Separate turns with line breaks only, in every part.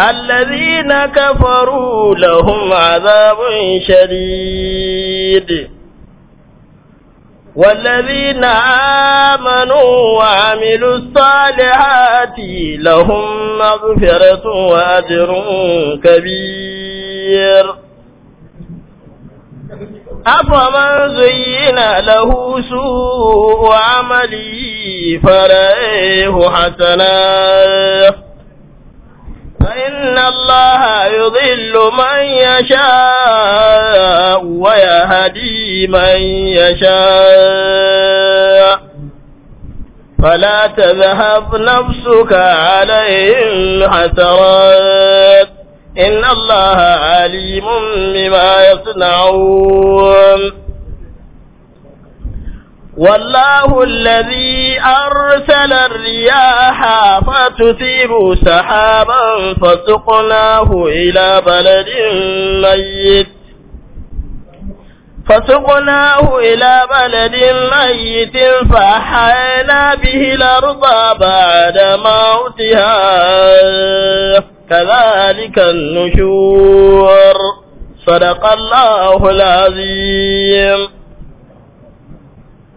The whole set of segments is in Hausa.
الذين كفروا لهم عذاب شديد والذين آمنوا وعملوا الصالحات لهم مغفرة وأجر كبير أفمن زين له سوء عملي فرأيه حسنات إن الله يضل من يشاء ويهدي من يشاء فلا تذهب نفسك عليهم حسرات إن الله عليم بما يصنعون والله الذي أرسل الرياح فتثيب سحابا فسقناه إلى بلد ميت فسقناه إلى بلد ميت فحينا به الأرض بعد موتها كذلك النشور صدق الله
العظيم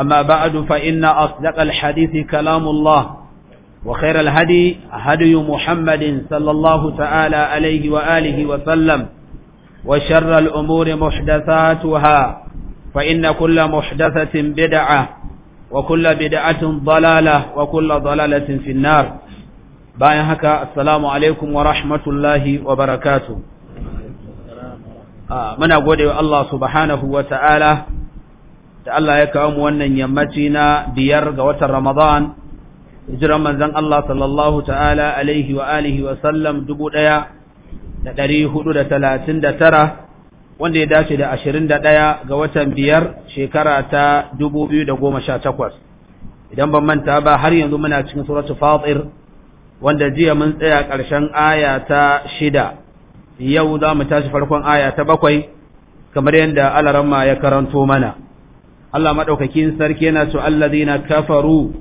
أما بعد فإن أصدق الحديث كلام الله وخير الهدي هدي محمد صلى الله تعالى عليه وآله وسلم وشر الأمور محدثاتها فإن كل محدثة بدعة وكل بدعة ضلالة وكل ضلالة في النار باين هكا السلام عليكم ورحمة الله وبركاته muna gode wa Allah subhanahu wa ta'ala da Allah ya kawo mu wannan yammaci na biyar ga watan Ramadan hijiran manzon Allah sallallahu ta'ala alaihi wa alihi wa sallam dubu ɗaya da ɗari hudu da talatin da tara wanda ya dace da ashirin da ɗaya ga watan biyar shekara ta dubu biyu da goma sha takwas idan ban manta ba har yanzu muna cikin suratu fatir wanda jiya mun tsaya ƙarshen aya ta shida yau za mu tashi farkon aya ta bakwai kamar yadda alaramma ya karanto mana Allah madaukakin sarki yana cewa alladhina kafaru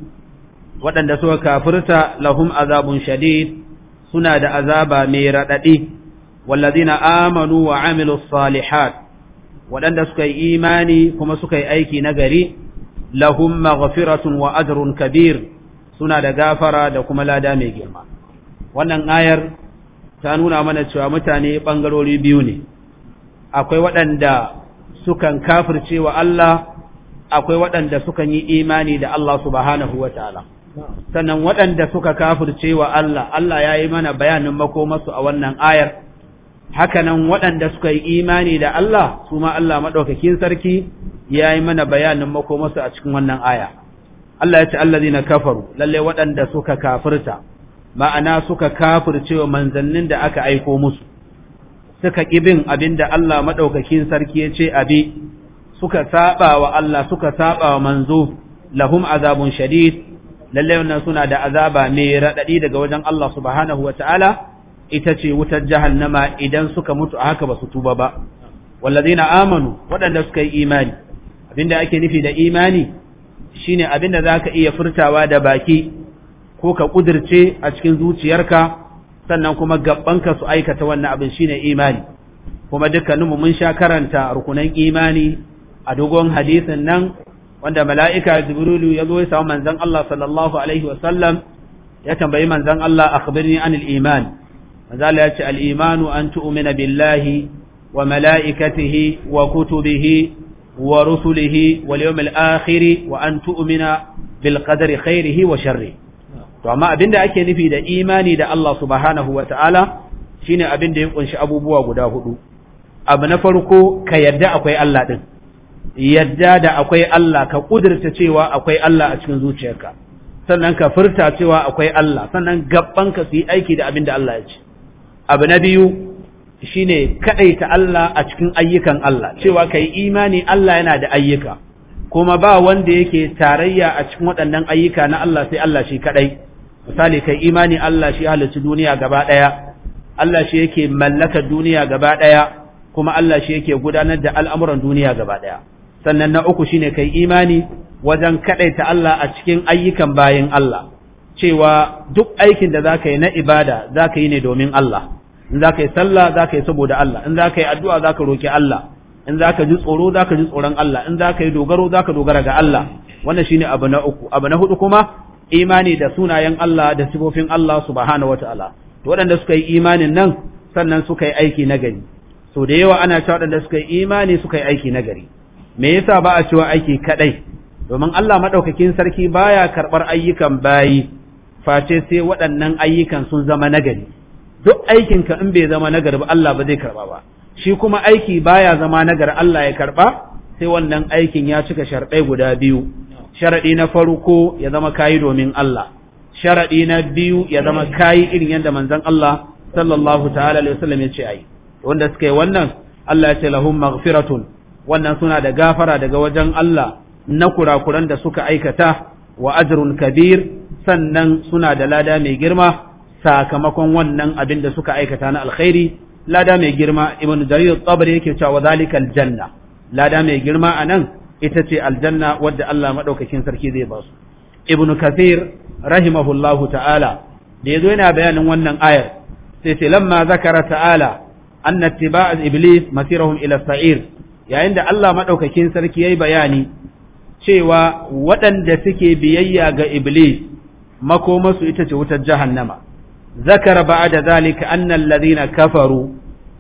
waɗanda suka kafirta lahum azabun shadid suna da azaba mai radadi walladhina amanu wa amilu salihat waɗanda suka yi imani kuma suka yi aiki nagari lahum maghfiratun wa ajrun kabir suna da gafara da kuma lada mai girma wannan ayar ta nuna mana cewa mutane bangarori biyu ne akwai waɗanda sukan kafirce wa Allah akwai waɗanda suka yi imani da Allah subhanahu wa ta'ala sannan waɗanda suka kafirce wa Allah Allah ya yi mana bayanin makomarsu a wannan ayar hakanan waɗanda suka yi imani da Allah su ma Allah maɗaukakin sarki ya yi mana bayanin makomarsu a cikin wannan aya Allah ya ce Allah na kafaru lalle waɗanda suka kafirta ma'ana suka kafirce wa manzannin da aka aiko musu suka ƙibin abinda Allah maɗaukakin sarki ya ce abi suka saba wa Allah suka saba wa manzo lahum azabun shadid lalle wannan suna da azaba mai radadi daga wajen Allah subhanahu wataala ita ce wutar jahannama idan suka mutu a haka ba su tuba ba wallazina amanu waɗanda suka yi imani abinda ake nufi da imani shine abinda zaka iya furtawa da baki ko ka kudirce a cikin zuciyarka sannan kuma gabbanka su aikata wannan abin shine imani kuma dukkaninmu mun sha karanta rukunan imani a dogon hadisin nan wanda mala'ika jibrilu ya zo ya samu manzan Allah sallallahu alaihi wasallam ya tambayi manzan Allah a akhbirni anil iman manzala ya ce al imanu an tu'umina billahi wa mala'ikatihi wa kutubihi wa rusulihi wal yawmil akhiri wa an tu'umina bil qadari khairihi wa sharri to amma abin da ake nufi da imani da Allah subhanahu wa ta'ala shine abin da ya kunshi abubuwa guda hudu abu na farko ka yarda akwai Allah ɗin. yadda da akwai Allah ka kudurta cewa akwai Allah a cikin zuciyarka sannan ka furta cewa akwai Allah sannan gabbanka su yi aiki da abin da Allah ya ce abu na biyu shine ta Allah a cikin ayyukan Allah cewa ka yi imani Allah yana da ayyuka kuma ba wanda yake tarayya a cikin waɗannan ayyuka na Allah sai Allah shi kaɗai misali yi imani Allah shi halittu duniya gaba ɗaya Allah shi yake mallaka duniya gaba ɗaya kuma Allah shi yake gudanar da al'amuran duniya gaba ɗaya sannan na uku shine kai imani wajen kaɗaita Allah a cikin ayyukan bayan Allah cewa duk aikin da zaka yi na ibada zaka yi ne domin Allah in zaka yi sallah zaka yi saboda Allah in zaka yi addu'a zaka roki Allah in zaka ji tsoro zaka ji tsoron Allah in zaka yi dogaro zaka dogara ga Allah wannan shine abu na uku abu na hudu kuma imani da sunayen Allah da sifofin Allah subhanahu wataala to waɗanda suka yi imanin nan sannan suka yi aiki na gari so da yawa ana cewa waɗanda suka yi imani suka yi aiki na gari me yasa ba a cewa aiki kadai domin Allah madaukakin sarki baya karbar ayyukan bayi face sai waɗannan ayyukan sun zama nagari duk aikin ka in bai zama nagari ba Allah ba zai karba ba shi kuma aiki baya zama nagari Allah ya karba sai wannan aikin ya cika sharɗai guda biyu sharaɗi na farko ya zama kayi domin Allah sharaɗi na biyu ya zama kayi irin yadda manzon Allah sallallahu ta'ala alaihi wasallam ya ce ai wanda suka yi wannan Allah ya ce lahum maghfiratun wannan suna da gafara daga wajen Allah na kurakuran da suka aikata wa ajrun kabir sannan suna da lada mai girma sakamakon wannan abin da suka aikata na alkhairi lada mai girma ibn jarir tabari yake cewa zalikal janna lada mai girma nan, ita ce aljanna wadda Allah madaukakin sarki zai ba su ibn kathir rahimahullahu ta'ala da yazo yana bayanin wannan ayar sai ce lamma zakara ta'ala anna ittiba'a iblis masirahum ila sa'ir yayin da Allah maɗaukakin sarki ya yi bayani cewa waɗanda suke biyayya ga Iblis makomasu ita ce wutar jahannama. Zakar ba da zalika annan lazina kafaru,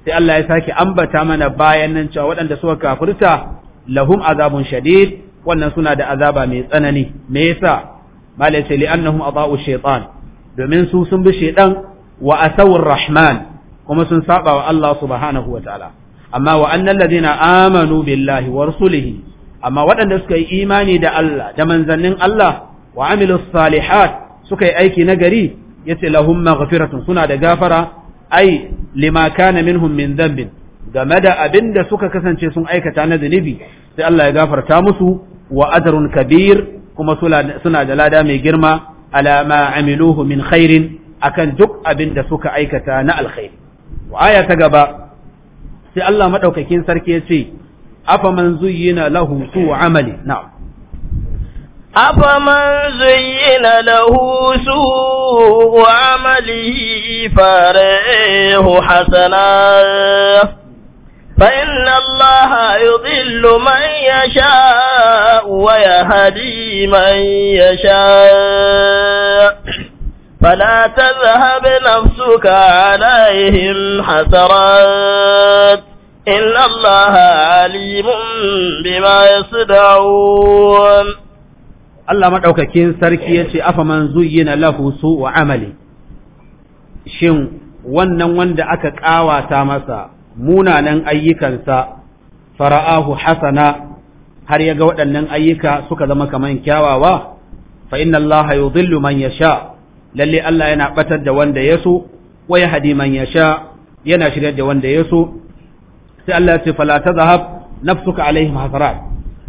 sai Allah ya sake ambata mana bayan nan cewa waɗanda suka kafirta lahum azabun shadid wannan suna da azaba mai tsanani. Me yasa? Malai ce li'annahum adau shaitan domin su sun bi shaitan wa asawur rahman kuma sun saba wa Allah subhanahu wa ta'ala. amma wa'annan lazina amanu billahi wa rusulihi amma waɗanda suka yi imani da Allah da manzannin Allah wa amilus salihat suka yi aiki na gari yace lahum maghfiratun suna da gafara ai lima kana minhum min dhanbin game da abin da suka kasance sun aikata na zunubi sai Allah ya gafarta musu wa ajrun kabir kuma suna da lada mai girma ala ma amiluhu min khairin akan duk abin da suka aikata na alkhairi wa aya ta gaba sai Allah maɗaukakin sarki ya ce, Afaman zuyina lahu su amali, na.
Afaman zuyina
lahu su amali
fara ihu hasana, fa inna Allah yudhillu man ya sha wa ya hadi man ya فلا تذهب نفسك عليهم حسرات إن الله عليم بما يصدعون
Allah maɗaukakin sarki ya ce, Afa man zuyyina lahu su wa amali, shin wannan wanda aka ƙawata masa munanan ayyukansa fara'ahu hasana har ya ga waɗannan ayyuka suka zama kaman kyawawa, fa inna Allah yudhillu man yasha lalle Allah yana batar da wanda ya so wa hadi man yasha yana shiryar da wanda ya so sai Allah ya ce fala tazhab nafsuka alaihim hasarat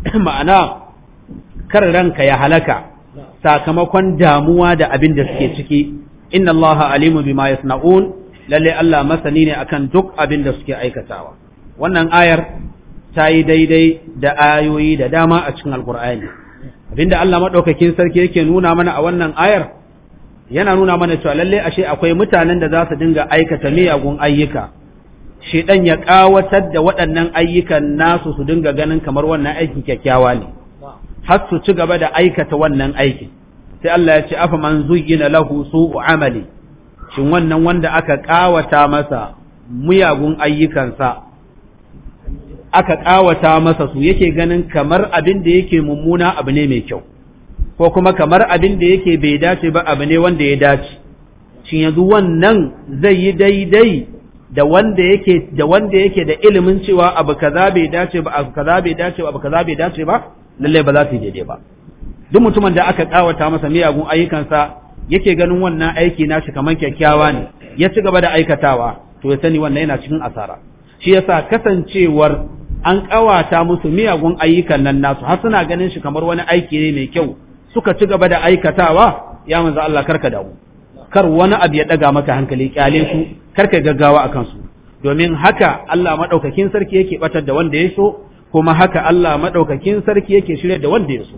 ma'ana kar ranka ya halaka sakamakon damuwa da abin da suke ciki inna Allah alimu bima yasnaun lalle Allah masani ne akan duk abin da suke aikatawa wannan ayar ta yi daidai da ayoyi da dama a cikin alkur'ani abinda Allah maɗaukakin sarki yake nuna mana a wannan ayar yana nuna mana cewa lalle ashe akwai mutanen da za su dinga aikata miyagun ayyuka shi dan ya kawatar da waɗannan ayyukan nasu su dinga ganin kamar wannan aikin kyakkyawa ne har su ci gaba da aikata wannan aikin sai Allah ya ce afa man zuyyina lahu su'u amali shin wannan wanda aka kawata masa miyagun ayyukansa aka kawata masa su yake ganin kamar abin da yake mummuna abu ne mai kyau ko kuma kamar abin da yake bai dace ba abu ne wanda ya dace shin yanzu wannan zai yi daidai da wanda yake da ilimin cewa abu kaza bai dace ba abu kaza bai dace ba abu kaza bai dace ba lalle ba za su yi daidai ba duk mutumin da aka kawata masa miyagun ayyukansa yake ganin wannan aiki nashi kamar kyakkyawa ne ya ci gaba da aikatawa to ya sani wannan yana cikin asara shi yasa kasancewar an kawata musu miyagun ayyukan nan nasu har suna ganin shi kamar wani aiki ne mai kyau suka ci gaba da aikatawa ya manzo Allah karka damu kar wani abu ya daga maka hankali kyale su karka gaggawa akan su domin haka Allah madaukakin sarki yake batar da wanda ya so kuma haka Allah madaukakin sarki yake shirya da wanda ya so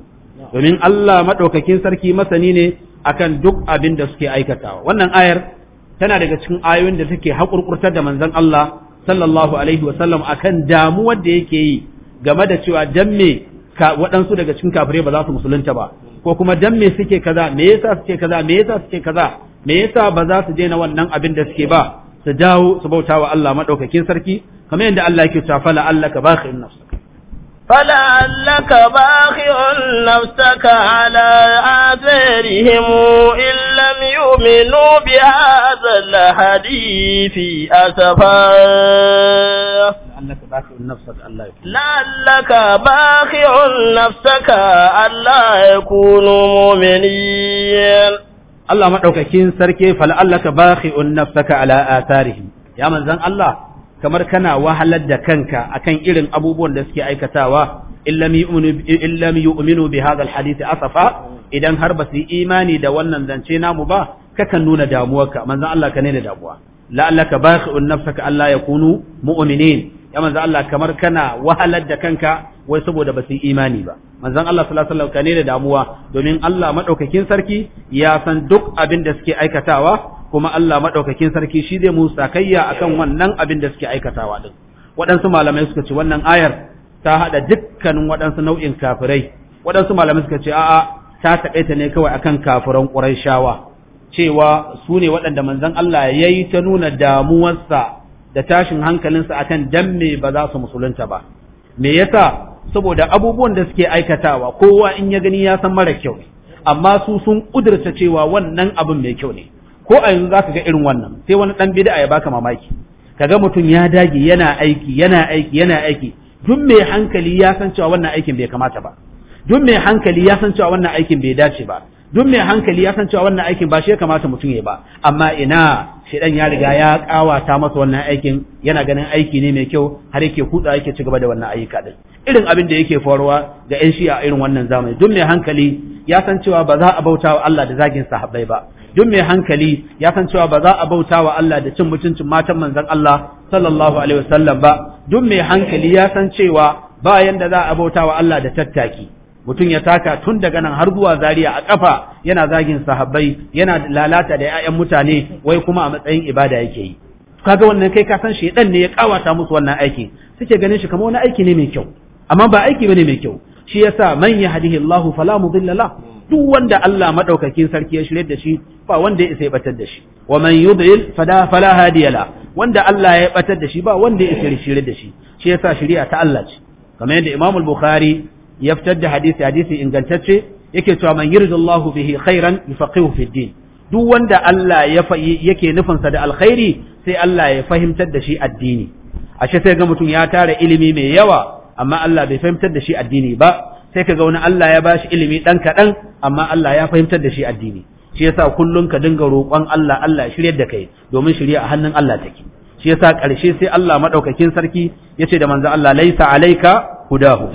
domin Allah madaukakin sarki masani ne akan duk abin da suke aikatawa wannan ayar tana daga cikin ayoyin da suke haƙurƙurtar da manzon Allah sallallahu alaihi wa sallam akan damuwar da yake yi game da cewa dan me waɗansu daga cikin kafirai ba za su musulunta ba ko kuma dan me suke kaza me yasa suke kaza me yasa suke kaza me yasa ba za su daina wannan abin da suke ba su dawo su bauta wa Allah madaukakin sarki kamar yadda Allah yake cewa fala allaka bakhin nafsaka fala allaka bakhin nafsaka
ala azrihim illa تؤمنوا بهذا الحديث أسفا لعلك باخع
نفسك ألا يكون
لعلك باخع Allah ألا
يكونوا سركي فلعلك باخع نفسك على آثارهم يا من زن الله kamar kana wahalar da kanka akan irin abubuwan da suke aikatawa illam yu'minu bi hadha alhadith asafa idan har ba yi imani da wannan zance namu ba kakan nuna damuwarka manzon Allah ka ne da damuwa la'allaka bakhi'un nafsaka Allah yakunu mu'minin ya manzon Allah kamar kana wahalar da kanka wai saboda ba su imani ba manzon Allah sallallahu alaihi wasallam ne da damuwa domin Allah madaukakin sarki ya san duk abin da suke aikatawa kuma Allah madaukakin sarki shi zai musu sakayya akan wannan abin da suke aikatawa din waɗansu malamai suka ce wannan ayar ta hada dukkanin waɗansu nau'in kafirai waɗansu malamai suka ce a'a ta taƙaita ne kawai akan kafiran ƙurayshawa cewa su ne waɗanda manzan Allah ya yi ta nuna damuwarsa da tashin hankalinsa akan dan me ba za su musulunta ba me yasa saboda abubuwan da suke aikatawa kowa in ya gani ya san mara kyau amma su sun kudurta cewa wannan abin mai kyau ne ko a yanzu zaka ga irin wannan sai wani dan bid'a ya baka mamaki kaga mutum ya dage yana aiki yana aiki yana aiki duk mai hankali ya san cewa wannan aikin bai kamata ba duk mai hankali ya san cewa wannan aikin bai dace ba duk mai hankali ya san cewa wannan aikin ba shi ya kamata mutum ya ba amma ina shedan ya riga ya kawata masa wannan aikin yana ganin aiki ne mai kyau har yake huda yake ci gaba da wannan ayyuka din irin abin da yake faruwa ga yan a irin wannan zamani duk mai hankali ya san cewa ba za a bauta wa Allah da zagin sahabbai ba duk mai hankali ya san cewa ba za a bauta wa Allah da cin mutuncin matan manzon Allah sallallahu alaihi wasallam ba duk mai hankali ya san cewa bayan da za a bauta wa Allah da tattaki mutum ya taka tun daga nan har zuwa Zariya a kafa yana zagin sahabbai yana lalata da 'ya'yan mutane wai kuma a matsayin ibada yake yi kaga wannan kai ka san shedan ne ya kawata musu wannan aiki suke ganin shi kamar wani aiki ne mai kyau amma ba aiki bane mai kyau shi yasa man yahdihi Allahu fala mudilla la duk wanda Allah madaukakin sarki ya shirye da shi ba wanda ya isa ya batar da shi wa man yudlil fala fala hadiya la wanda Allah ya batar da shi ba wanda ya isa ya shirye da shi shi yasa shari'a ta Allah ce kamar yadda Imam al-Bukhari ya fitar da hadisi hadisi ingantacce yake cewa man yuridullahu bihi khairan yufaqihu fid din duk wanda Allah ya yake nufinsa da alkhairi sai Allah ya fahimtar da shi addini ashe sai ga mutum ya tara ilimi mai yawa amma Allah bai fahimtar da shi addini ba sai ga wani Allah ya bashi ilimi dan kaɗan amma Allah ya fahimtar da shi addini shi yasa kullum ka dinga roƙon Allah Allah shiryar da kai domin shirya a hannun Allah take shi yasa ƙarshe sai Allah madaukakin sarki yace da manzo Allah laisa alayka hudahu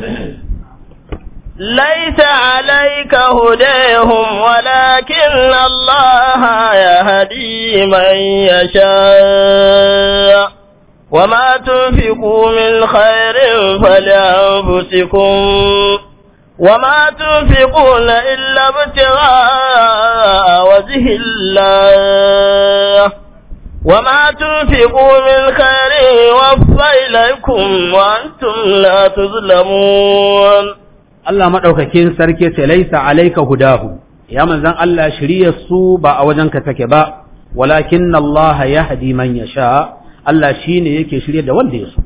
ليس عليك
هديهم ولكن الله يهدي من يشاء وما تنفقوا من خير فلأنفسكم وما تنفقون إلا ابتغاء وجه الله وما تنفقوا من خير يوفى إليكم
وأنتم لا تظلمون Allah maɗaukakin sarki ce laisa alaika hudahu ya manzan Allah shirya su ba a wajen ka take ba walakin Allah ya hadi man ya sha Allah shi ne yake shirya da wanda ya so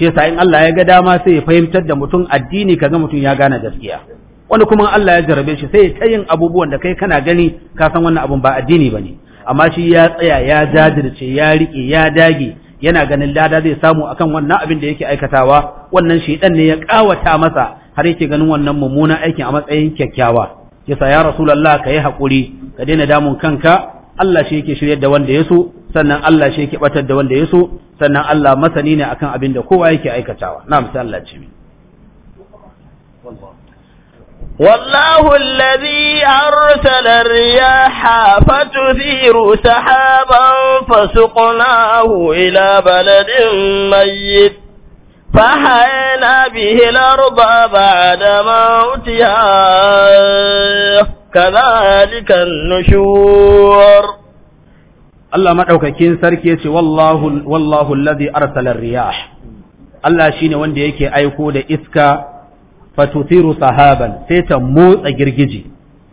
shi yasa in Allah ya ga dama sai ya fahimtar da mutum addini kaga mutum ya gane gaskiya wani kuma Allah ya jarabe shi sai ta yin abubuwan da kai kana gani ka san wannan abun ba addini bane amma shi ya tsaya ya jajirce ya rike ya dage yana ganin lada zai samu akan wannan abin da yake aikatawa wannan shaidan ne ya ƙawata masa har yake ganin wannan mummunan aikin a matsayin kyakkyawa yasa ya rasulullah ka yi haƙuri ka daina damun kanka Allah shi yake shiryar da wanda ya so sannan Allah shi yake batar da wanda ya so sannan Allah masani ne akan abin da kowa yake aikatawa na sai Allah ce والله
الذي أرسل الرياح فتثير سحابا فسقناه إلى بلد ميت
فحينا
به الأرض بعد موتها
كذلك النشور الله ما sarki yace wallahu wallahu alladhi Allah shine wanda yake aiko da iska fatuthiru sahaban sai ta motsa girgiji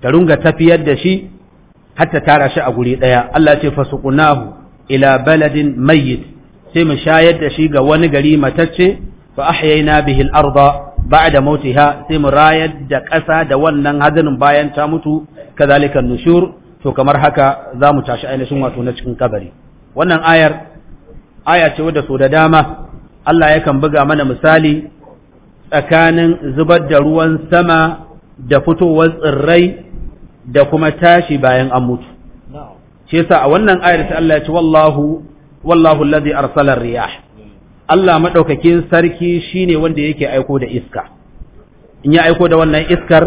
ta runga tafiyar da shi har ta tara a guri daya Allah ce fasuqunahu ila baladin mu shayar da shi ga wani gari matacce fa ahyayna bihi al-arda ba'da mautiha sai mu rayar da ƙasa da wannan hazanin bayan ta mutu kazalika nushur to kamar haka za mu tashi ainihin wato na cikin kabari wannan ayar aya ce wadda so da dama Allah yakan buga mana misali tsakanin zubar da ruwan sama da fitowar tsirrai da kuma tashi bayan an mutu shi yasa a wannan ayar sai Allah ya ce wallahu wallahu allazi arsala riyah Allah maɗaukakin sarki shine wanda yake aiko da iska in ya aiko da wannan iskar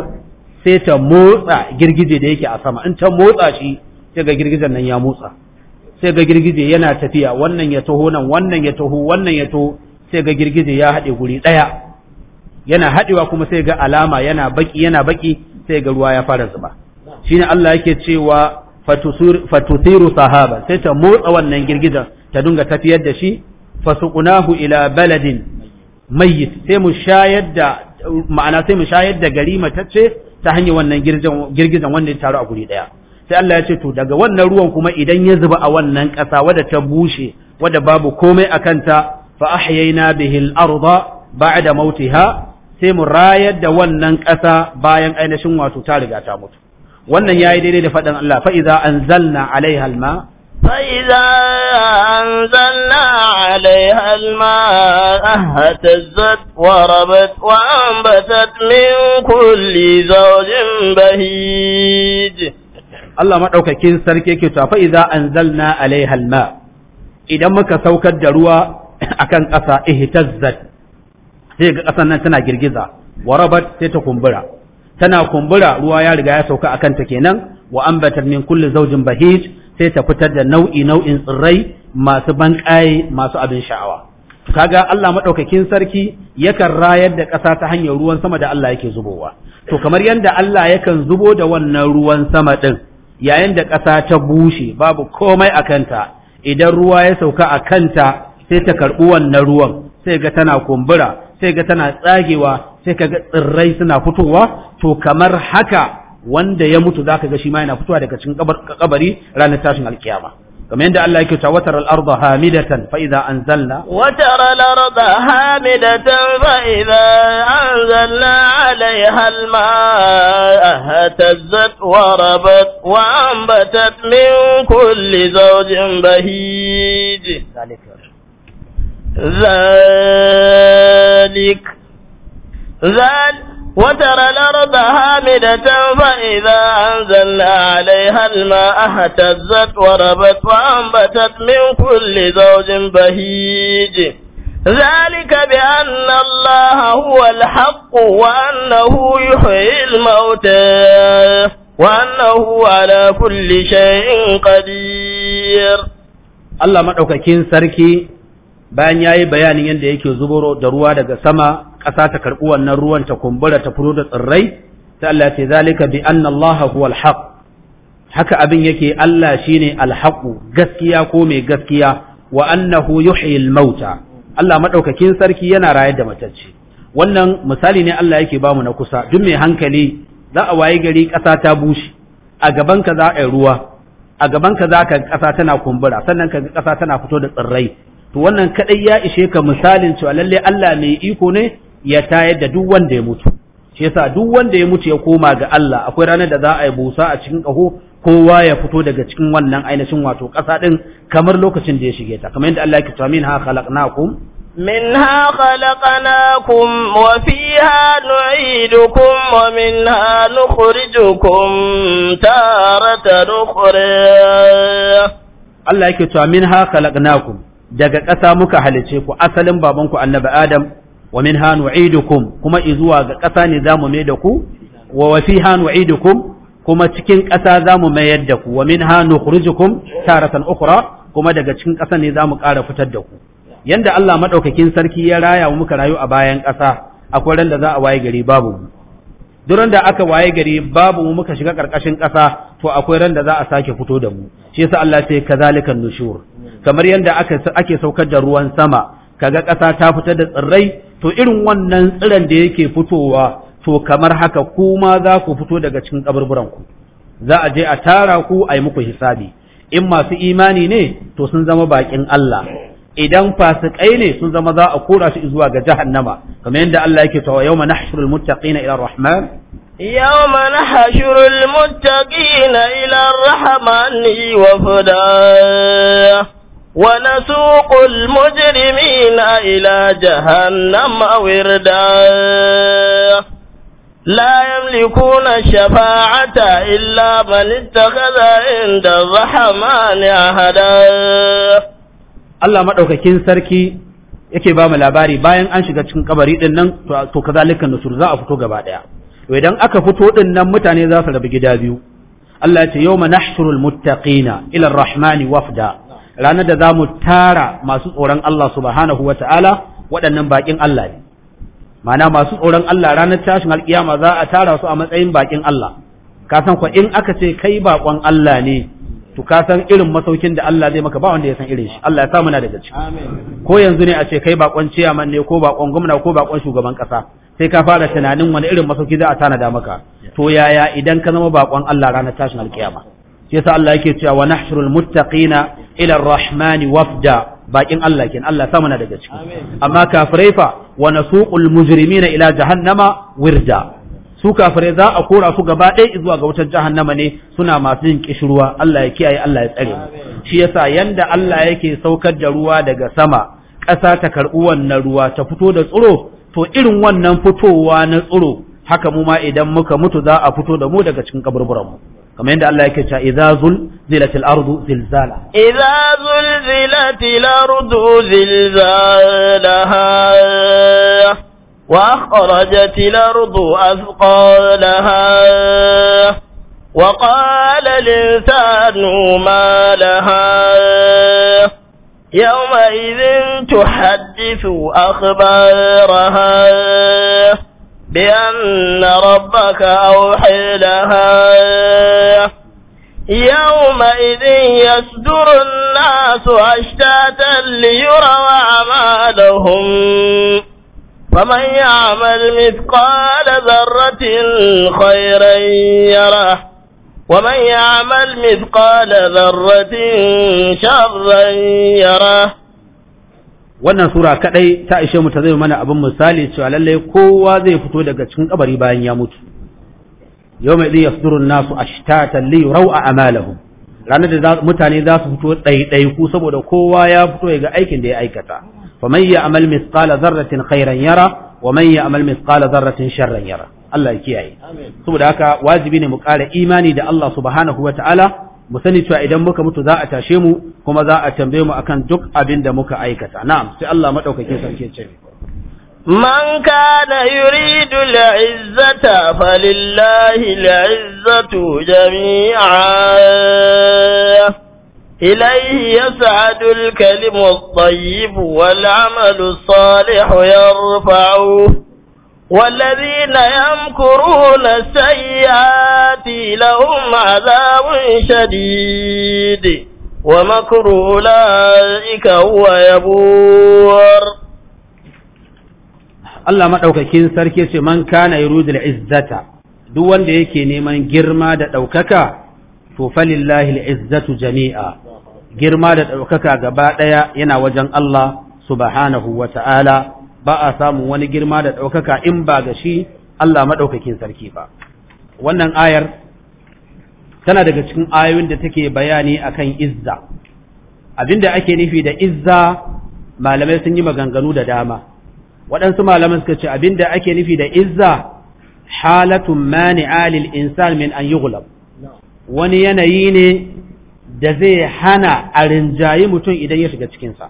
sai ta motsa girgije da yake a sama in ta motsa shi sai ga girgijen nan ya motsa sai ga girgije yana tafiya wannan ya taho nan wannan ya taho wannan ya taho sai ga girgije ya haɗe guri ɗaya yana haɗewa kuma sai ga alama yana baki yana baki sai ga ruwa ya fara zuba shine Allah yake cewa fatusiru sahaba sai ta motsa wannan girgijen ta dinga tafiyar da shi fasuqnahu ila baladin mayyit sai mu shayar da ma'ana sai mu shayar da gari matacce ta hanyar wannan girgizan wannan taro a guri daya sai Allah ya ce to daga wannan ruwan kuma idan ya zuba a wannan ƙasa wadda ta bushe wadda babu komai a kanta fa ahyayna bihi al-arda ba'da mautiha sai mu rayar da wannan ƙasa bayan ainihin wato ta riga ta mutu wannan yayi daidai da faɗin Allah fa idza anzalna alaiha al-ma
فإذا أنزلنا عليها الماء اهتزت وربت وأنبتت من كل زوج
بهيج Allah maɗaukakin sarki yake cewa fa'iza an zalna alaihal idan muka saukar da ruwa akan ƙasa ihtazzat sai ga ƙasan nan tana girgiza warabat sai ta kumbura tana kumbura ruwa ya riga ya sauka akan kenan wa ambatat min kulli zawjin bahij sai ta fitar da nau'i nau'in tsirrai masu banƙaye masu abin sha'awa kaga Allah madaukakin sarki yakan rayar da ƙasa ta hanyar ruwan sama da Allah yake zubowa to kamar yadda Allah yakan zubo da wannan ruwan sama ɗin yayin da ƙasa ta bushe babu komai a kanta idan ruwa ya sauka a kanta sai ta karɓi wannan ruwan sai ga tana kumbura sai ga tana tsagewa sai kaga tsirrai suna fitowa to kamar haka wanda ya mutu zaka ga shi ma yana fitowa daga cikin kabari ranar tashin alkiyama kamar yadda Allah yake cewa watar al-ardha hamidatan fa idza anzalna
watar al-ardha
hamidatan
fa idza anzalna 'alayha al-ma'a tazzat wa rabat wa anbatat min kulli zawjin bahij ذلك ذلك وترى الأرض هامدة فإذا أنزلنا عليها الماء اهتزت وربت وأنبتت من كل زوج بهيج ذلك بأن الله هو الحق وأنه يحيي الموتى
وأنه على كل شيء قدير الله ما sarki bayan ya yi bayanin yadda yake zuburo da ruwa daga ƙasa ta karɓi wannan ruwan ta kumbura ta fito da tsirrai sai Allah ce zalika bi anna Allah huwal haq haka abin yake Allah shine alhaƙu gaskiya ko mai gaskiya wa annahu yuhyil mauta Allah madaukakin sarki yana raye da matacce wannan misali ne Allah yake bamu na kusa duk mai hankali za a waye gari ƙasa ta bushe a gaban ka za a yi ruwa a gaban ka za ka ƙasa tana kumbura sannan ka ƙasa tana fito da tsirrai to wannan kadai ya ishe ka misalin cewa lalle Allah mai iko ne ya tayar da duk wanda ya mutu shi yasa duk wanda ya mutu ya koma ga Allah akwai ranar da za a yi busa a cikin ƙaho kowa ya fito daga cikin wannan ainihin wato ƙasa ɗin kamar lokacin da ya shige ta kamar yadda Allah ya ce min ha khalaqnakum
wa fiha nu'idukum wa minha nukhrijukum
taratan ukhra Allah yake cewa ha khalaqnakum daga ƙasa muka halice ku asalin babanku annabi Adam wa min hanu nu'idukum kuma izuwa ga ƙasa ne zamu mai da ku wa wa fi ha kuma cikin ƙasa zamu mayar da ku wa min hanu khurujukum taratan ukhra kuma daga cikin ƙasa ne zamu ƙara fitar da ku yanda Allah madaukakin sarki ya raya muka rayu a bayan ƙasa akwai ran da za a waye gari babu mu duran da aka waye gari babu mu muka shiga ƙarƙashin ƙasa to akwai ran da za a sake fito da mu shi yasa Allah ce kazalikan nushur kamar yanda ake saukar da ruwan sama kaga ƙasa ta fitar da tsirrai to irin wannan tsiran da yake fitowa to kamar haka kuma za ku fito daga cikin kaburburanku za a je a tara ku a yi muku hisabi in masu imani ne to sun zama baƙin Allah idan fasikai ne sun zama za a kora su zuwa ga jahannama kamar yadda Allah yake cewa yawma nahshurul muttaqina ila rahman
yawma nahshurul muttaqina ila rahman wa fuda ونسوق المجرمين إلى جهنم وردا لا يملكون الشفاعة إلا من اتخذ عند الرحمن
عهدا Allah maɗaukakin sarki yake ba mu labari bayan an shiga cikin kabari ɗin nan to kazalika nusur za a fito gaba ɗaya to idan aka fito ɗin nan mutane za su rabu gida biyu Allah ya ce yawma nahshurul muttaqina ila rahmani wafda ranar da za mu tara masu tsoron Allah subhanahu wa ta'ala waɗannan baƙin Allah ne mana masu tsoron Allah ranar tashin alƙiyama za a tara su a matsayin baƙin Allah ka san in aka ce kai baƙon Allah ne to ka san irin masaukin da Allah zai maka ba wanda ya san irin shi Allah ya samu na daga ciki ko yanzu ne a ce kai baƙon ciyaman ne ko baƙon gwamna ko baƙon shugaban ƙasa sai ka fara tunanin wani irin masauki za a tanada maka to yaya idan ka zama baƙon Allah ranar tashin alƙiyama shi yasa Allah yake cewa wa nahshurul muttaqina ila rahmani wafda bakin Allah kin Allah sa na daga ciki amma kafirai fa wa nasuqul mujrimina ila jahannama wirda su kafirai za a kora su gaba ɗaya zuwa ga wutar jahannama ne suna masu yin kishirwa Allah ya kiyaye Allah ya tsare shi yasa yanda Allah yake saukar da ruwa daga sama ƙasa ta karɓi wannan ruwa ta fito da tsiro to irin wannan fitowa na tsiro haka mu ma idan muka mutu za a fito da mu daga cikin kaburburanmu كما عند الله يكتشى إذا زلزلت الأرض زلزالة
إذا زلزلت الأرض زلزالها وأخرجت الأرض أثقالها وقال الإنسان ما لها يومئذ تحدث أخبارها بأن ربك أوحي لها يومئذ يصدر الناس أشتاتا ليروا أعمالهم فمن يعمل مثقال ذرة خيرا يره ومن يعمل مثقال ذرة شرا
يره wannan sura kadai ta ishe mu ta zai mana abin misali cewa lalle kowa zai fito daga cikin kabari bayan ya mutu yawma idhi yasdurun nasu ashtatan li yurau a'malahum ranar da mutane za su fito ɗaiɗaiku saboda kowa ya fito ga aikin da ya aikata fa ya amal misqala zarratin khairan yara wa man ya misqala zarratin sharran yara Allah ya kiyaye saboda haka wajibi ne mu ƙara imani da Allah subhanahu wata'ala mu sani cewa idan muka mutu za a tashe mu kuma za a tambaye mu kan duk abin da muka aikata na'am sai Allah madaukake san ke ce
man kana yuridu al-izzata falillahi la'izatu izzatu jami'a ilayhi yas'adu al-kalimu at-tayyibu wal-amalu as-salihu والذين يمكرون السيئات لهم عذاب شديد ومكر
أولئك هو يبور Allah maɗaukakin sarki ce man kana yuridul izzata duk wanda yake neman girma da ɗaukaka to falillahi al-izzatu jami'a girma da ɗaukaka gaba ɗaya yana wajen Allah subhanahu wa ta'ala ba a samun wani girma da ɗaukaka in ba ga shi Allah maɗaukakin sarki ba wannan ayar tana daga cikin ayoyin da take bayani akan izza abinda ake nufi da izza malamai sun yi maganganu da dama waɗansu malamai suka ce abinda ake nufi da izza halatun mani'a lil insan min an yughlab wani yanayi ne da zai hana a rinjayi mutum idan ya shiga cikinsa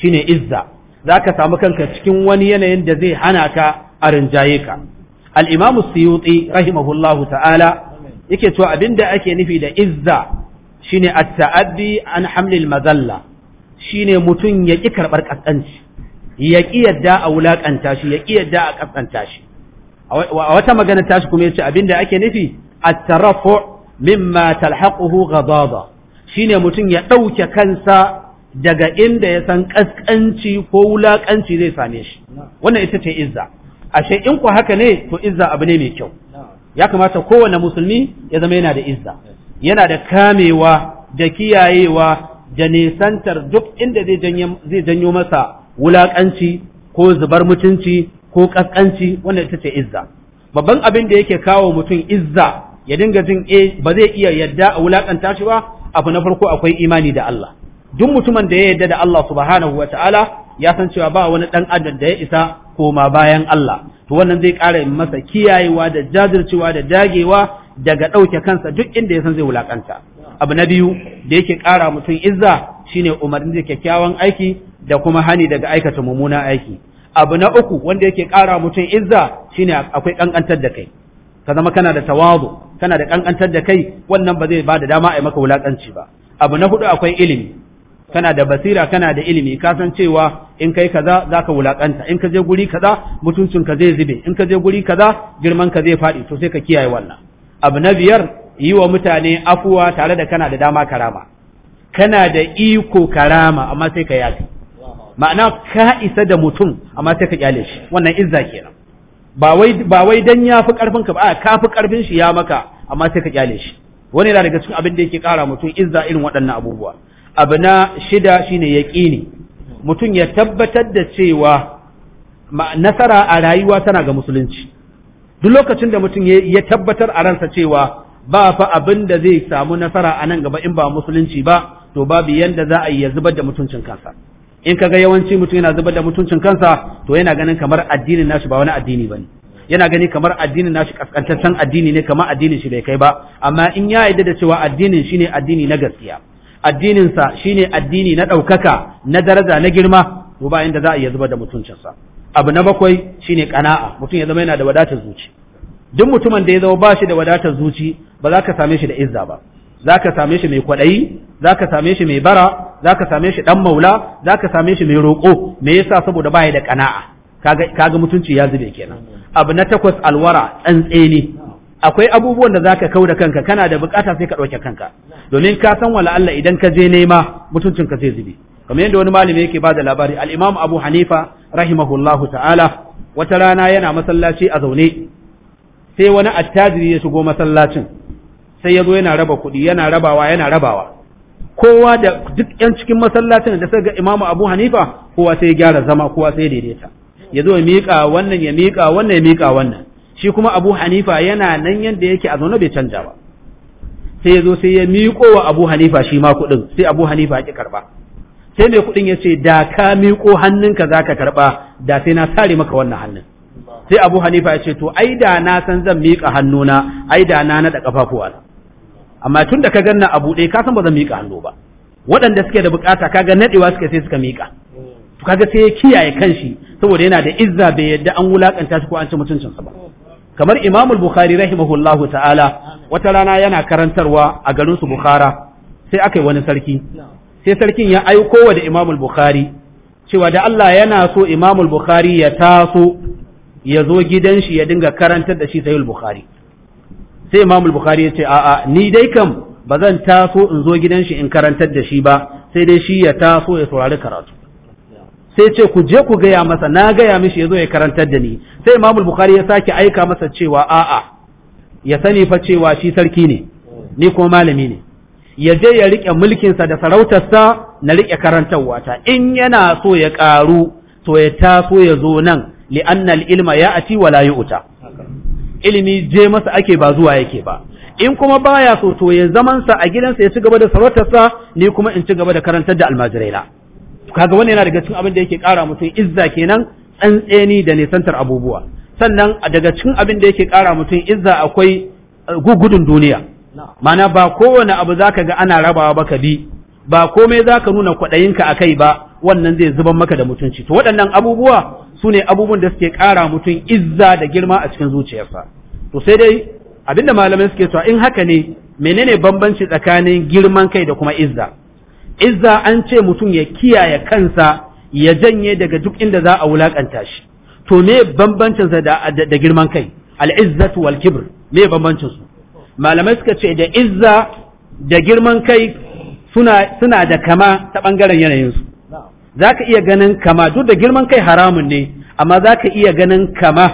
shine izza za ka samu kanka cikin wani yanayin da zai hana ka a rinjaye ka al'imamu suyuti rahimahullahu ta'ala yake cewa abin da ake nufi da izza ne a ta'addi an hamlil mazalla ne mutum ya ƙi karɓar ƙasƙanci ya ƙi yadda a wulaƙanta shi ya ƙi yadda a ƙasƙanta shi a wata magana tashi kuma ya ce abin da ake nufi a tarafu mimma talhaquhu shi shine mutum ya ɗauke kansa daga inda ya san kaskanci ko wulaƙanci zai same shi wannan ita ce izza ashe in ku haka ne to izza abu ne mai kyau ya kamata kowane musulmi ya zama yana da izza yana da kamewa da kiyayewa da nisantar duk inda zai janyo masa wulaƙanci ko zubar mutunci ko ƙasƙanci wannan ita ce izza babban abin da yake kawo mutum izza ya dinga jin eh ba zai iya yadda a wulakanta shi ba abu na farko akwai imani da Allah duk mutumin da ya yarda da Allah subhanahu wa ta'ala ya san cewa ba wani dan adam da ya isa koma bayan Allah to wannan zai ƙara masa kiyayewa da jajircewa da dagewa daga ɗauke kansa duk inda ya san zai wulakanta abu na biyu da yake kara mutum izza shine umarni da kyakkyawan aiki da kuma hani daga aikata mummunan aiki abu na uku wanda yake kara mutum izza shine akwai ƙanƙantar da kai ka zama kana da tawazu kana da ƙanƙantar da kai wannan ba zai ba da dama a yi maka wulakanci ba abu na hudu akwai ilimi kana da basira kana da ilimi ka san cewa in kai kaza zaka wulakanta in ka je guri kaza mutuncin ka zai zube in ka je guri kaza girman ka zai fadi to sai ka kiyaye wannan abu na biyar yi wa mutane afuwa tare da kana da dama karama kana da iko karama amma sai ka yafi ma'ana ka isa da mutum amma sai ka kyale shi wannan izza kenan ba wai ba wai dan ya fi karfin ka ba ka fi karfin shi ya maka amma sai ka kyale shi wani yana daga cikin abin da yake kara mutum izza irin waɗannan abubuwa abu na shida shine yaƙini mutum ya tabbatar da cewa nasara a rayuwa tana ga musulunci duk lokacin da mutum ya tabbatar a ransa cewa ba fa abin da zai samu nasara a nan gaba in ba musulunci ba to babu yanda za a yi ya zubar da mutuncin kansa in ka ga yawanci mutum yana zubar da mutuncin kansa to yana ganin kamar addinin nashi ba wani addini bane yana gani kamar addinin nashi kaskantaccen addini ne kamar addinin shi bai kai ba amma in ya yarda da cewa addinin shine addini na gaskiya addininsa shine addini na ɗaukaka na daraja na girma to bayan inda za a iya zuba da mutuncinsa abu na bakwai shine kana'a mutum ya zama yana da wadatar zuci duk mutumin da ya zama ba shi da wadatar zuci ba za ka same shi da izza ba za ka same shi mai kwaɗayi za ka same shi mai bara za ka same shi ɗan maula za ka same shi mai roƙo me yasa saboda baya da kana'a kaga mutunci ya zube kenan abu na takwas alwara tsantseni akwai abubuwan da zaka da kanka kana da bukata sai ka ɗauke kanka domin ka san wala Allah idan ka je nema mutuncin ka zai zube kamar yadda wani malami yake bada labari al-Imam Abu Hanifa rahimahullahu ta'ala wata rana yana masallaci a zaune sai wani attajiri ya shigo masallacin sai ya zo yana raba kuɗi yana rabawa yana rabawa kowa da duk yan cikin masallacin da suka ga Imam Abu Hanifa kowa sai ya gyara zama kowa sai ya daidaita ya zo ya miƙa wannan ya miƙa wannan ya miƙa wannan shi kuma abu hanifa yana nan yadda yake a zaune bai canja ba sai ya zo sai ya miƙo wa abu hanifa shi ma kuɗin sai abu hanifa ki karɓa sai mai kuɗin ya ce da ka miƙo hannunka za ka karɓa da sai na sare maka wannan hannun sai abu hanifa ya ce to ai da na san zan miƙa hannuna ai da na naɗa na amma tun da ka ganna a buɗe ka san ba zan miƙa hannu ba waɗanda suke da buƙata kaga naɗewa suke sai suka miƙa kaga sai ya kiyaye kanshi saboda yana da izza bai yadda an wulaƙanta shi ko an ci mutuncinsa ba kamar Imam al-Bukhari rahimahullahu ta'ala wata rana yana karantarwa a garin su Bukhara sai aka yi wani sarki sai sarkin ya aiko wa da Imam bukhari cewa da Allah yana so Imam al-Bukhari ya taso ya zo gidan shi ya dinga karantar da shi sayul bukhari sai Imam bukhari ya ce a'a ni dai kam ba zan taso in zo gidan shi in karantar da shi ba sai dai shi ya taso ya saurari karatu sai ce ku je ku gaya masa na gaya mishi zo ya karantar da ni sai Imam Bukhari ya sake aika masa cewa a'a ya sani fa cewa shi sarki ne ni kuma malami ne ya je ya rike mulkinsa da sarautarsa na rike karantarwa ta in yana so ya karu to ya taso ya zo nan li'anna al-ilma ya'ti wa la yu'ta ilimi je masa ake ba zuwa yake ba in kuma baya so to ya zamansa a gidansa ya ci gaba da sarautarsa ni kuma in ci gaba da karantar da almajiraina kaga wannan yana daga cikin abin da yake ƙara mutum izza kenan tsantseni da nisantar abubuwa sannan daga cikin abin da yake ƙara mutum izza akwai eh, gugudun duniya mana ba kowane abu zaka ga ana rabawa ba ka bi ba komai zaka nuna kwaɗayinka a kai ba wannan zai zuban maka da mutunci to waɗannan abubuwa su ne abubuwan da suke ƙara mutum izza da girma a cikin zuciyarsa to sai dai abinda malamai suke cewa in haka ne menene bambanci tsakanin girman kai da kuma izza izza an ce mutum ya kiyaye kansa ya janye daga duk inda za a wulakanta shi to me bambancinsa da, girman kai al'izzatu wal kibr me bambancinsu malamai suka ce da izza da girman kai suna, suna da kama ta ɓangaren yanayinsu za ka iya ganin kama duk da girman kai haramun ne amma za ka iya ganin kama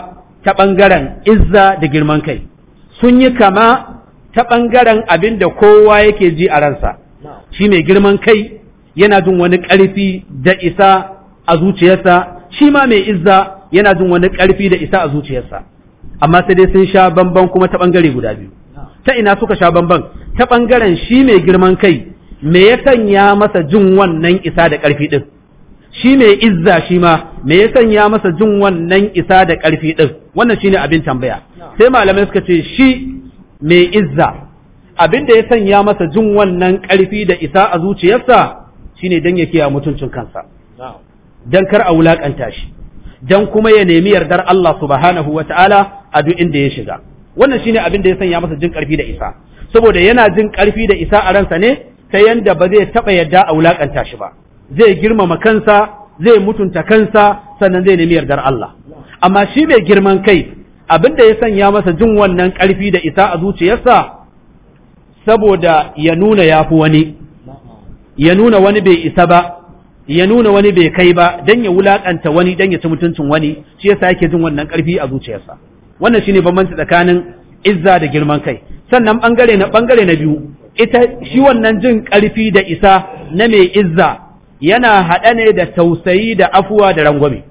ta ɓangaren izza da girman kai sun yi kama ta ɓangaren abin da kowa yake ji a ransa shi mai girman kai yana jin wani ƙarfi da isa a zuciyarsa shi ma mai izza yana jin wani ƙarfi da isa a zuciyarsa amma sai dai sun sha bamban kuma ta ɓangare guda biyu ta ina suka sha bamban ta ɓangaren shi mai girman kai me ya sanya masa jin wannan isa da ƙarfi ɗin shi mai izza shi ma me ya sanya masa jin wannan isa da ƙarfi ɗin wannan shine abin tambaya sai malamai suka ce shi mai izza abin da ya sanya masa jin wannan ƙarfi da isa a zuciyarsa shine dan ya a mutuncin kansa dan kar a wulakanta shi dan kuma ya nemi yardar Allah subhanahu wataala a duk inda ya shiga wannan shine abin da ya sanya masa jin ƙarfi da isa saboda yana jin ƙarfi da isa a ransa ne ta yanda ba zai taɓa yadda a wulakanta shi ba zai girmama kansa zai mutunta kansa sannan zai nemi yardar Allah amma shi mai girman kai abin da ya sanya masa jin wannan ƙarfi da isa a zuciyarsa saboda ya nuna ya fi wani ya nuna wani bai isa ba ya nuna wani bai kai ba don ya wulaƙanta wani don ya ci mutuncin wani shi yasa yake jin wannan ƙarfi a zuciyarsa wannan shi ne bambanci tsakanin izza da girman kai sannan ɓangare na bangare na biyu ita shi wannan jin ƙarfi da isa na mai izza yana haɗa ne da tausayi da afuwa da rangwame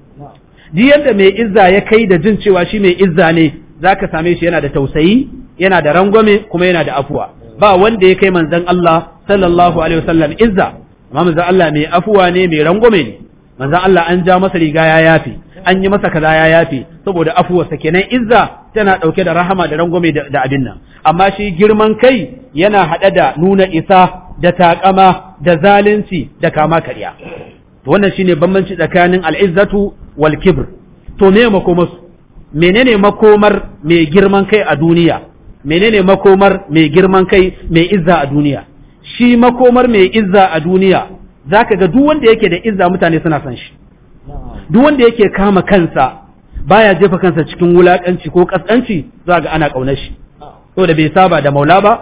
duk yadda mai izza ya kai da jin cewa shi mai izza ne za ka same shi yana da tausayi yana da rangwame kuma yana da afuwa ba wanda ya kai manzon Allah sallallahu alaihi wasallam izza amma manzon Allah mai afuwa ne mai rangwame ne manzon Allah an ja masa riga ya yafe, an yi masa kaza ya yafe, saboda afuwarsa kenan izza tana dauke da rahama da rangwame da abin nan amma shi girman kai yana hada da nuna isa da takama da zalunci da kama karya to wannan shine bambanci tsakanin al'izzatu wal kibr to me makomarsu menene makomar mai girman kai a duniya menene makomar mai girman kai mai izza a duniya shi makomar mai izza a duniya zaka ga duk wanda yake da izza mutane suna san shi duk wanda yake kama kansa baya jefa kansa cikin wulakanci ko kasanci za ga ana kaunar shi saboda bai saba da maula ba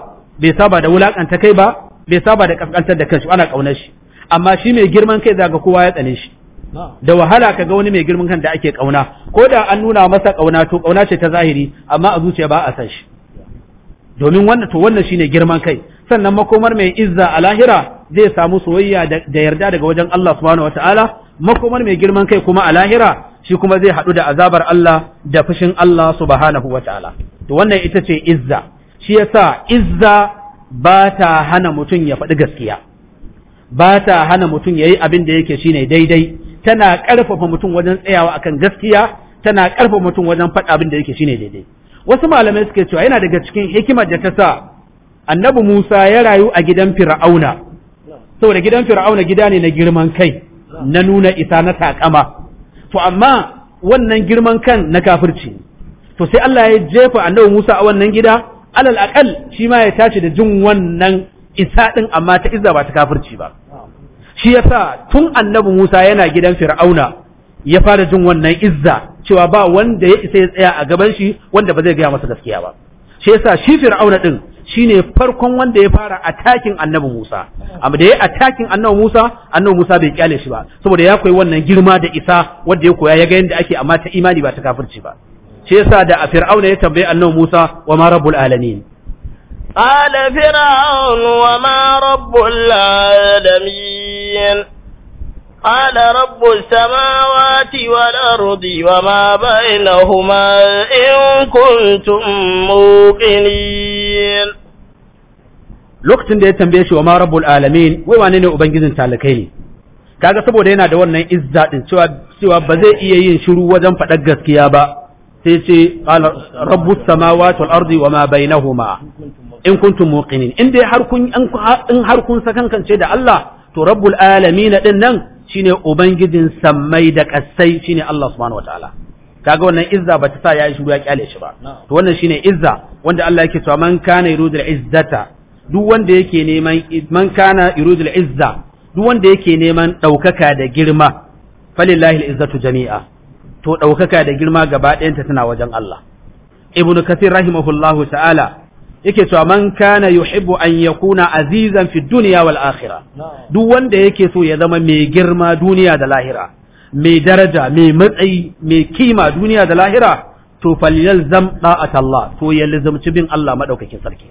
bai saba da wulakanta kai ba bai saba da kaskantar da kanshi ana kaunar shi amma shi mai girman kai za ga kowa ya tsane shi da wahala ka ga wani mai girman kan da ake kauna ko da an nuna masa ƙauna to ƙauna ce ta zahiri amma a zuciya ba a san shi domin wannan to wannan shine girman kai sannan makomar mai izza a lahira zai samu soyayya da yarda daga wajen Allah subhanahu wataala makomar mai girman kai kuma a lahira shi kuma zai haɗu da azabar Allah da fushin Allah subhanahu wataala to wannan ita ce izza shi yasa izza ba ta hana mutum ya faɗi gaskiya ba ta hana mutum ya yi abin da yake shine daidai tana ƙarfafa mutum wajen tsayawa akan gaskiya tana ƙarfafa mutum wajen faɗa abin da yake shine daidai wasu malamai suke cewa yana daga cikin hikimar da ta sa annabi Musa ya rayu a gidan Fir'auna saboda gidan Fir'auna gida ne na girman kai na nuna isa na takama to amma wannan girman kan na kafirci to sai Allah ya jefa annabi Musa a wannan gida alal aqal shi ma ya tashi da jin wannan isa din amma ta izza ba ta kafirci ba shi yasa tun annabi Musa yana gidan Fir'auna ya fara jin wannan izza cewa ba wanda ya isa ya tsaya a gaban shi wanda ba zai gaya masa gaskiya ba shi yasa shi fir'auna din shine farkon wanda ya fara takin annabi Musa amma da ya attacking annabi Musa annabi Musa bai kyale shi ba saboda ya koyi wannan girma da isa wanda ya koya ya ga yadda ake amma ta imani ba ta kafirci ba shi yasa da a fir'auna ya tambaye annabi Musa wa ma rabbul alamin
fir'aun wa ma rabbul alamin قال رب السماوات والأرض وما بينهما إن كنتم موقنين
lokacin da ya tambaye shi wa ma rabbul alamin wai wane ne ubangijin talakai ne kaga saboda yana da wannan izza din cewa cewa ba zai iya yin shiru wajen faɗar gaskiya ba sai ce qala rabbus samawati wal ardi wama bainahuma in kuntum muqinin in dai har kun in har kun sakankance da Allah to rabbul alamin din nan shine ubangijin sammai da kasai shine Allah subhanahu wataala kaga wannan izza bata sa yayi shiru ya kyale shi ba to wannan shine izza wanda Allah yake cewa man kana yuridul izzata duk wanda yake neman man kana yuridul izza duk wanda yake neman daukaka da girma falillahi izzatu jami'a to daukaka da girma gaba ɗayanta tana wajen Allah ibnu kathir rahimahullahu ta'ala yake cewa man kana yuhibbu an yakuna azizan fi dunya wal akhirah duk wanda yake so ya zama mai girma duniya da lahira mai daraja mai matsayi mai kima duniya da lahira to falyalzam da'at Allah to ya lazamci bin Allah madaukakin sarki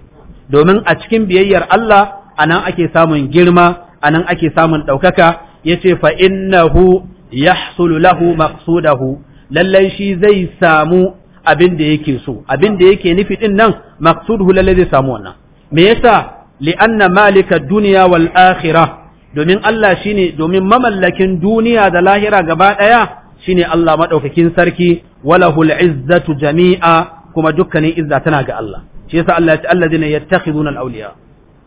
domin a cikin biyayyar Allah anan ake samun girma anan ake samun daukaka yace fa innahu yahsulu lahu maqsudahu lallai shi zai samu abin da yake so abin da yake nufi din nan maqsuduhu lalle zai samu wannan me yasa li'anna malika dunya wal akhirah domin Allah shine domin mamallakin duniya da lahira gaba daya shine Allah madaukakin sarki walahul izzatu jami'a kuma dukkanin izza tana ga Allah shi yasa Allah ya ce alladhina yattakhiduna al awliya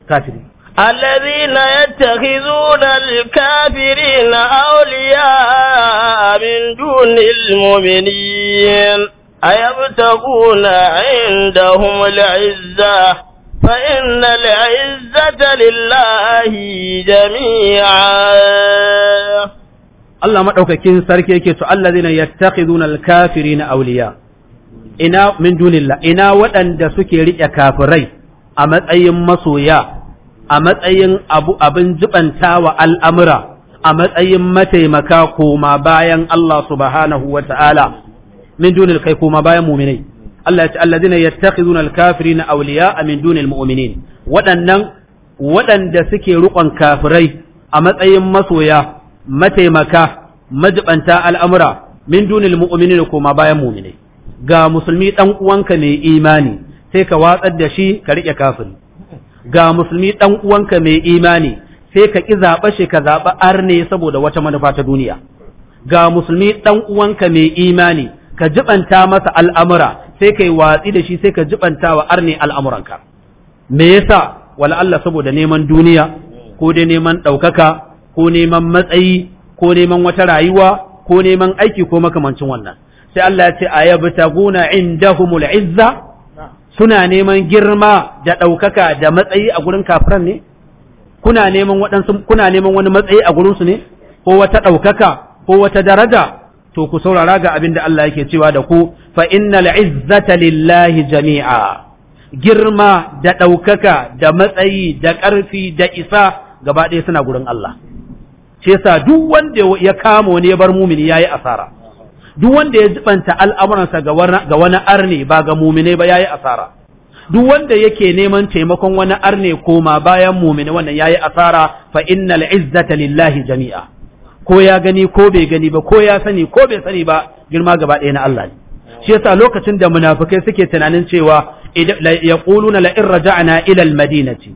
kafirin
الذين يتخذون الكافرين أولياء من دون
المؤمنين
أيبتغون عندهم العزة
فإن العزة لله جميعا Allah maɗaukakin sarki yake to allazina yattakhiduna alkafirina auliya ina min dunillah ina waɗanda suke riƙe kafirai a matsayin masoya a matsayin abin abin wa al'amura a matsayin mataimaka koma bayan Allah subhanahu wa ta'ala min dunil kai kuma bayan mu'minai Allah ya ce kafiri na al a awliya min dunil mu'minin waɗannan waɗanda suke rikon kafirai a matsayin masoya mataimaka majibanta al'amura min dunil mu'minin kuma bayan mu'minai ga musulmi ɗan uwanka mai imani sai ka watsar da shi ka riƙe kafiri ga musulmi ɗan uwanka mai imani sai ka ki zaɓa shi ka zaɓa arne saboda wata manufa ta duniya ga musulmi ɗan uwanka mai imani ka jibanta masa al'amura sai ka yi watsi da shi sai ka jibanta wa arne al'amuranka me yasa wala saboda neman duniya ko dai neman ɗaukaka ko neman matsayi ko neman wata rayuwa ko neman aiki ko makamancin wannan sai Allah ya ce guna inda izza suna neman girma da ɗaukaka da matsayi a gurin kafiran ne? kuna neman wani matsayi a gurinsu ne? Ko wata ɗaukaka, ko wata daraja, to ku saurara ga abin da Allah yake cewa da ku fa innal izzata lillahi jami'a girma da ɗaukaka da matsayi da ƙarfi da isa gaba ɗaya suna gurin Allah ce sa duk wanda ya kama wani ya bar mumini yayi asara duk wanda ya jibanta al'amuransa ga wani arne ba ga mumine ba yayi asara duk wanda yake neman taimakon wani arne koma bayan mumini wannan yayi asara fa innal izzata lillahi jami'a ko ya gani ko bai gani ba ko ya sani ko bai sani ba girma gaba ɗaya na Allah ne shi yasa lokacin da munafikai suke tunanin cewa yaquluna la in raja'na ila al-madinati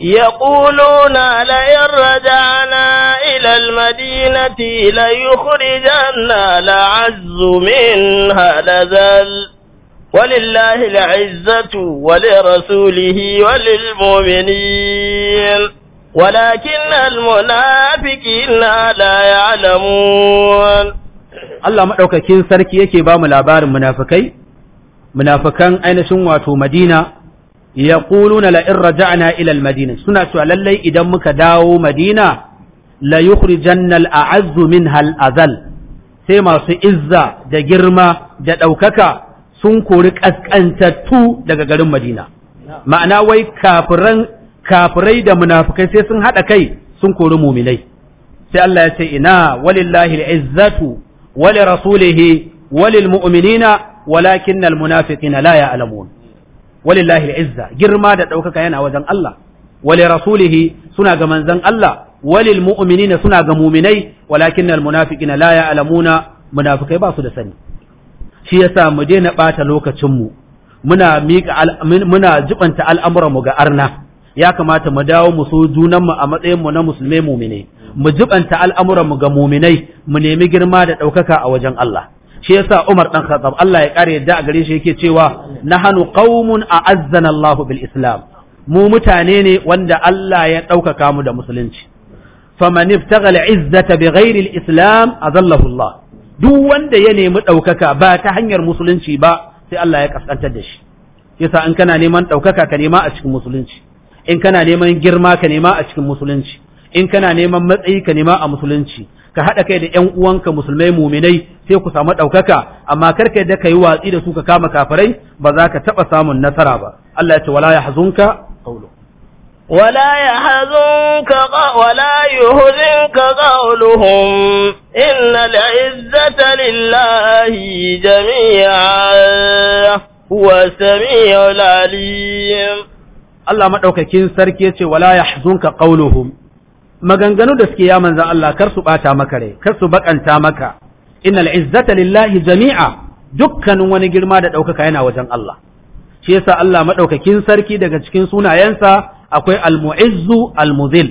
yaquluna la in raja'na ila al-madinati la yukhrijanna la'azzu minha lazal ولله العزة ولرسوله وللمؤمنين ولكن المنافقين
لا يعلمون Allah madaukakin sarki yake ba mu labarin munafikai munafikan ainihin wato Madina ya la na raja'na ilal madina suna cewa lallai idan muka dawo Madina la yukhrijanna a aazz minha azal sai masu izza da girma da ɗaukaka, sun kori kaskantattu daga garin Madina ma'ana wai kafiran kafirai da munafikai sai sun haɗa kai sun kori muminai sai Allah ya ce ina walillahi al'izzatu wali rasulihi walil mu'minina walakin almunafiqina la ya'lamun walillahi al'izza girma da ɗaukaka yana wajen Allah wali rasulihi suna ga manzon Allah walil mu'minina suna ga muminai walakin almunafiqina la ya'lamuna munafikai ba su da sani shi yasa mu daina ɓata lokacinmu muna miƙa muna jibanta al'amuranmu ga arna ya kamata mu dawo mu so junanmu a matsayin mu na musulmai mumine mu jibanta al'amuran mu ga muminai mu nemi girma da ɗaukaka a wajen Allah shi yasa Umar dan Khattab Allah ya kare yadda a gare shi yake cewa nahanu qaumun a'azzana Allah bil Islam mu mutane ne wanda Allah ya ɗaukaka mu da musulunci faman ibtaghal izzata bighairi al-islam azallahu Allah duk wanda ya nemi ɗaukaka ba ta hanyar musulunci ba sai Allah ya kaskantar da shi yasa in kana neman ɗaukaka ka nema a cikin musulunci in kana neman girma ka nema a cikin musulunci in kana neman matsayi ka nema a musulunci ka haɗa kai da ƴan uwanka musulmai muminai sai ku samu ɗaukaka amma kar ka da kai watsi da su ka kama kafarai, ba za ka taɓa samun nasara ba Allah ya ce wala ya yahzunka qawlu hazunka Wala ولا يهزنك
قولهم إن izzata lillahi jami'a
huwa samiyul alim Allah maɗaukakin sarki ya ce wala yahzunka qauluhum maganganu da suke ya manzan Allah kar su bata maka rai kar su bakanta maka innal izzata lillahi jami'a dukkanin wani girma da ɗaukaka yana wajen Allah shi yasa Allah maɗaukakin sarki daga cikin sunayensa akwai almu'izzu almuzil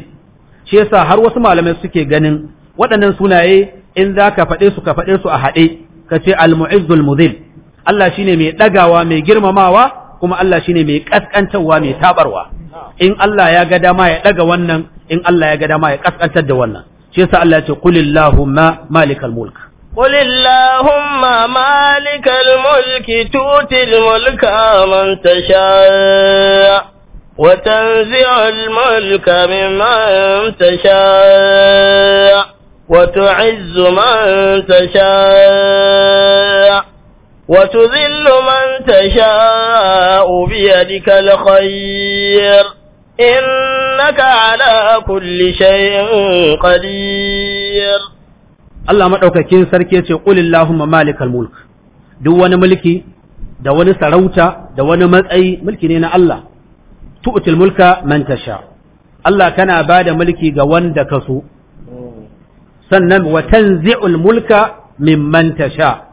shi yasa har wasu malamai suke ganin waɗannan sunaye in za ka faɗe su ka faɗe su a haɗe ka ce almu'izzu almuzil Allah shine mai ɗagawa mai girmamawa kuma Allah shine mai kaskantarwa mai tabarwa in Allah ya ga dama ya daga wannan in Allah ya ga dama ya kaskantar da wannan shi yasa Allah ya ce kulillahumma malikal mulk
قل اللهم مالك الملك تؤتي الملك من تشاء وتنزع الملك ممن تشاء وتعز من تشاء وتذل من تشاء بيدك الخير إنك على كل شيء قدير
الله مدوكاكين سركي قل اللهم مالك الملك duk wani mulki da wani sarauta da wani matsayi mulki ne na Allah tu'til mulka man tasha Allah kana bada mulki ga wanda ka so sannan wa tanzi'ul mulka mimman tasha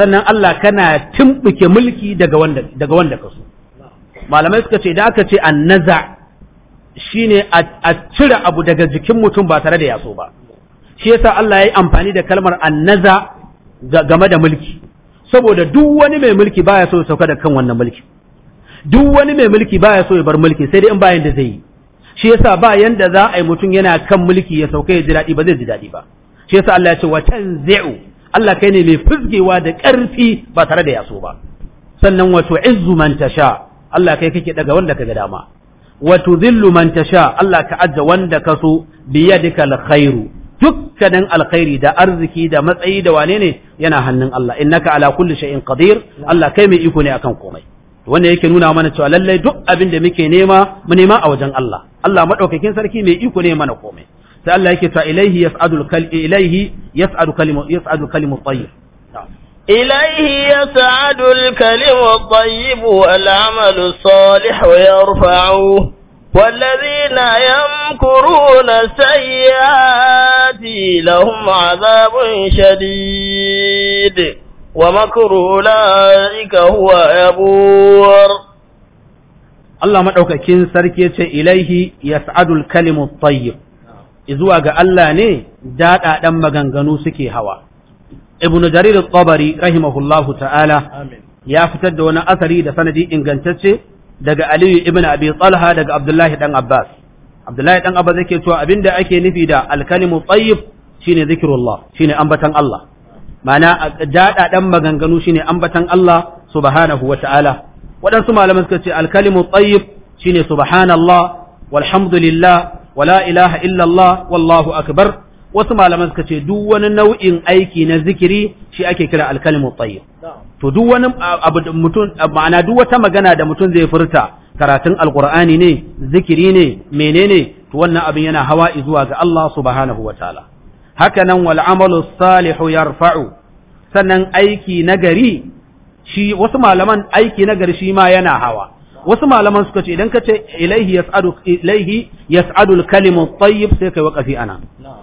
sannan Allah kana timbuke mulki daga wanda daga wanda ka so malamai suka ce da aka ce annaza shine a cire abu daga jikin mutum ba tare da yaso ba shi yasa Allah ya yi amfani da kalmar annaza game da mulki saboda duk wani mai mulki baya so ya sauka da kan wannan mulki duk wani mai mulki baya so ya bar mulki sai dai in bayan da zai yi shi yasa ba yanda za a yi mutum yana kan mulki ya sauka ya ji daɗi ba zai ji daɗi ba shi yasa Allah ya ce wa tanzi'u Allah kai ne mai fizgewa da ƙarfi ba tare da yaso ba sannan wato izzu man tasha Allah kai kake daga wanda ka ga dama wato zillu man tasha Allah ka ajja wanda ka so biyadika alkhairu dukkanin alkhairi da arziki da matsayi da wane ne yana hannun Allah innaka ala kulli shay'in qadir Allah kai mai iko ne akan komai wanda yake nuna mana cewa lallai duk abin da muke nema mu nema a wajen Allah Allah madaukakin sarki mai iko ne mana komai sai Allah فإليه ta إليه yas'adul kalbi ilaihi الكلم الطيب yas'adu إليه
يسعد الكلم الطيب والعمل الصالح يرفعه والذين يمكرون السيئات لهم عذاب شديد ومكر أولئك هو
يبور الله مدعوك كين سركية إليه يسعد الكلم الطيب zuwa ga Allah ne daɗaɗan maganganu suke hawa ibnu jarir al-tabari rahimahullahu ta'ala ya fitar da wani asari da sanadi ingantacce daga aliyu ibn abi talha daga abdullahi dan abbas abdullahi dan abbas yake cewa abinda ake nufi da alkalimu kalimu shine zikrullah shine ambatan Allah ma'ana daɗaɗan maganganu shine ambatan Allah subhanahu wa ta'ala waɗansu malaman suka ce alkalimu kalimu shine subhanallah walhamdulillah wala ilaha illallah wallahu akbar wasu malaman suka ce duk wani nau'in aiki na zikiri shi ake kira alkalimu tayyib to duk wani abu mutum ma'ana duk wata magana da mutum zai furta karatun alqur'ani ne zikiri ne menene to wannan abin yana hawa zuwa ga Allah subhanahu wataala haka nan wal amalu salihu yarfa'u sannan aiki nagari shi wasu malaman aiki nagari shi ma yana hawa wasu malaman suka ce idan ka ce ilaihi yas'adu ilaihi yas'adu al-kalimu tayyib sai kai waqafi ana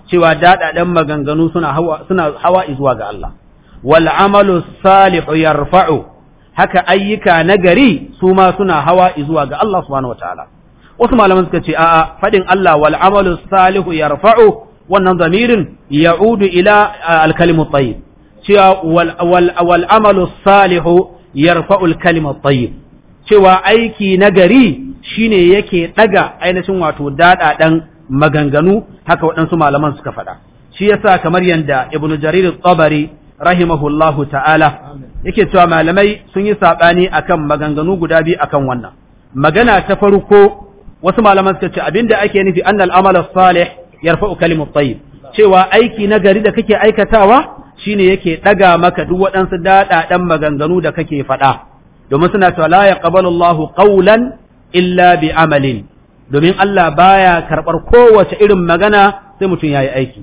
cewa dadadan maganganu suna hawa suna hawa zuwa ga Allah wal amalu salihu yarfa'u haka ayyuka nagari su ma suna hawa zuwa ga Allah subhanahu wataala wasu malaman suka ce a'a fadin Allah wal amalu salihu yarfa'u wannan zamirin ya'udu ila al-kalimu tayyib cewa wal amalu salihu yarfa'u al-kalimu tayyib cewa aiki na gari shine yake ɗaga ainihin wato daɗaɗen maganganu haka waɗansu malaman suka faɗa shi yasa kamar yanda ibnu jarir tsobari rahimahullahu ta'ala yake cewa malamai sun yi saɓani akan maganganu guda biyu akan wannan magana ta farko wasu malaman suka ce abinda ake nufi annal amala salih yarfa'u tayyib cewa aiki na gari da kake aikatawa shine yake daga maka duk waɗansu daɗaɗen maganganu da kake faɗa domin suna cewa la yaqbalu Allahu illa bi amalin domin Allah baya karɓar kowace irin magana sai mutum yayi aiki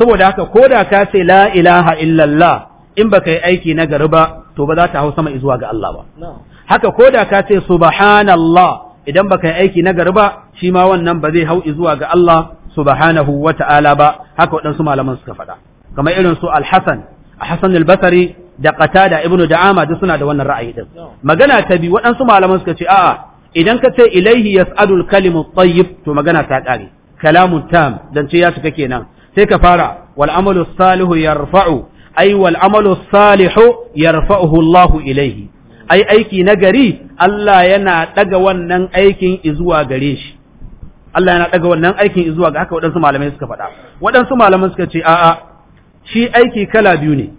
saboda haka ko da ka ce la ilaha illallah in baka yi aiki na gari ba to ba za ta hau sama zuwa ga Allah ba haka ko da ka ce subhanallah idan baka yi aiki na gari ba shi ma wannan ba zai hau zuwa ga Allah subhanahu wa ta'ala ba haka waɗansu malaman suka faɗa kamar irin su al-Hasan al-Hasan al-Basri da qatada ibnu da'ama duk suna da wannan ra'ayi din magana ta bi waɗansu malaman suka ce a'a idan ka ce ilaihi yas'adul kalimu tayyib to magana ta kare kalamun tam dan ce ya cika kenan sai ka fara wal amalu salihu yarfa'u ai wal amalu salihu yarfa'uhu Allah ilaihi ai aiki na gari Allah yana daga wannan aikin zuwa gare shi Allah yana daga wannan aikin zuwa ga haka waɗansu malamai suka faɗa waɗansu malaman suka ce a'a shi aiki kala biyu ne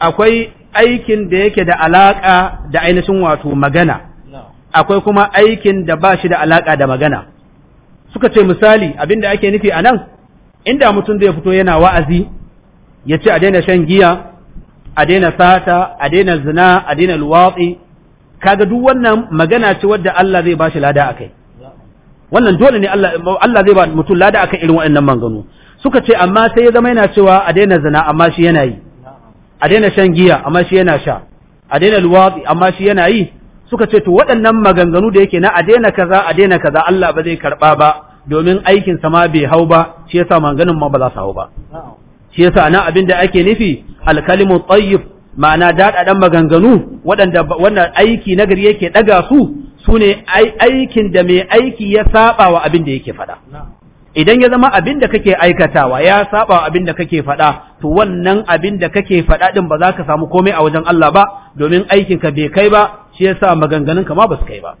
akwai aikin da yake da alaka da ainihin wato magana akwai kuma aikin da ba shi da alaka da magana suka ce misali abinda ake nufi a nan inda mutum zai fito yana wa'azi ya ce a daina shan giya a daina sata a daina zina a daina luwatsi kaga duk wannan magana ce wadda Allah zai ba shi lada a kai wannan dole ne Allah zai ba mutum lada a kai irin waɗannan manganu suka ce amma sai ya zama yana cewa a daina zina amma shi yana yi a daina shan giya amma shi yana sha a daina luwaɗi amma shi yana yi suka ce to waɗannan maganganu da yake na a daina kaza a daina kaza Allah ba zai karɓa ba domin aikin sa ma bai hau ba shi yasa maganganun ma ba za su hau ba shi yasa nan abin da ake nufi alkalimu tayyib ma'ana daɗaɗan maganganu waɗanda wannan aiki na gari yake ɗaga su su ne aikin da mai aiki ya saba wa abin da yake faɗa idan ya zama abin da kake aikatawa ya saba abin da kake faɗa to wannan abin da kake faɗa din ba za ka samu komai a wajen Allah ba domin aikin ka bai kai ba shi yasa maganganun ka ma ba su kai ba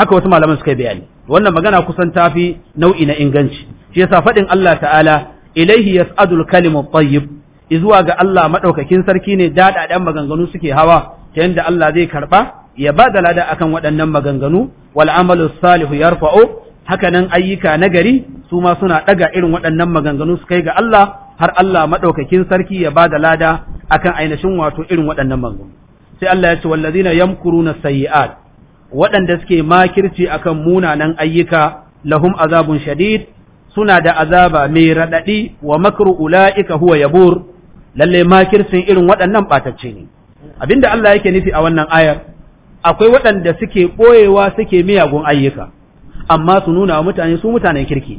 haka wasu malaman suka bayani wannan magana kusan tafi nau'i na inganci shi yasa faɗin Allah ta'ala ilaihi yas'adul kalimu tayyib izuwa ga Allah madaukakin sarki ne dadadan maganganu suke hawa ta yanda Allah zai karba ya ba da lada akan waɗannan maganganu wal amalu salihu yarfa'u hakanan ayyuka na gari su ma suna ɗaga irin waɗannan maganganu su kai ga Allah har Allah maɗaukakin sarki ya ba da lada akan ainihin wato irin waɗannan maganganu sai Allah ya ce wallazina yamkuruna sayyi'at waɗanda suke makirci akan munanan ayyuka lahum azabun shadid suna da azaba mai raɗaɗi wa makru ula'ika huwa yabur lalle makircin irin waɗannan ɓatacce ne abinda Allah yake nufi a wannan ayar akwai waɗanda suke ɓoyewa suke miyagun ayyuka amma su nuna wa mutane su mutanen kirki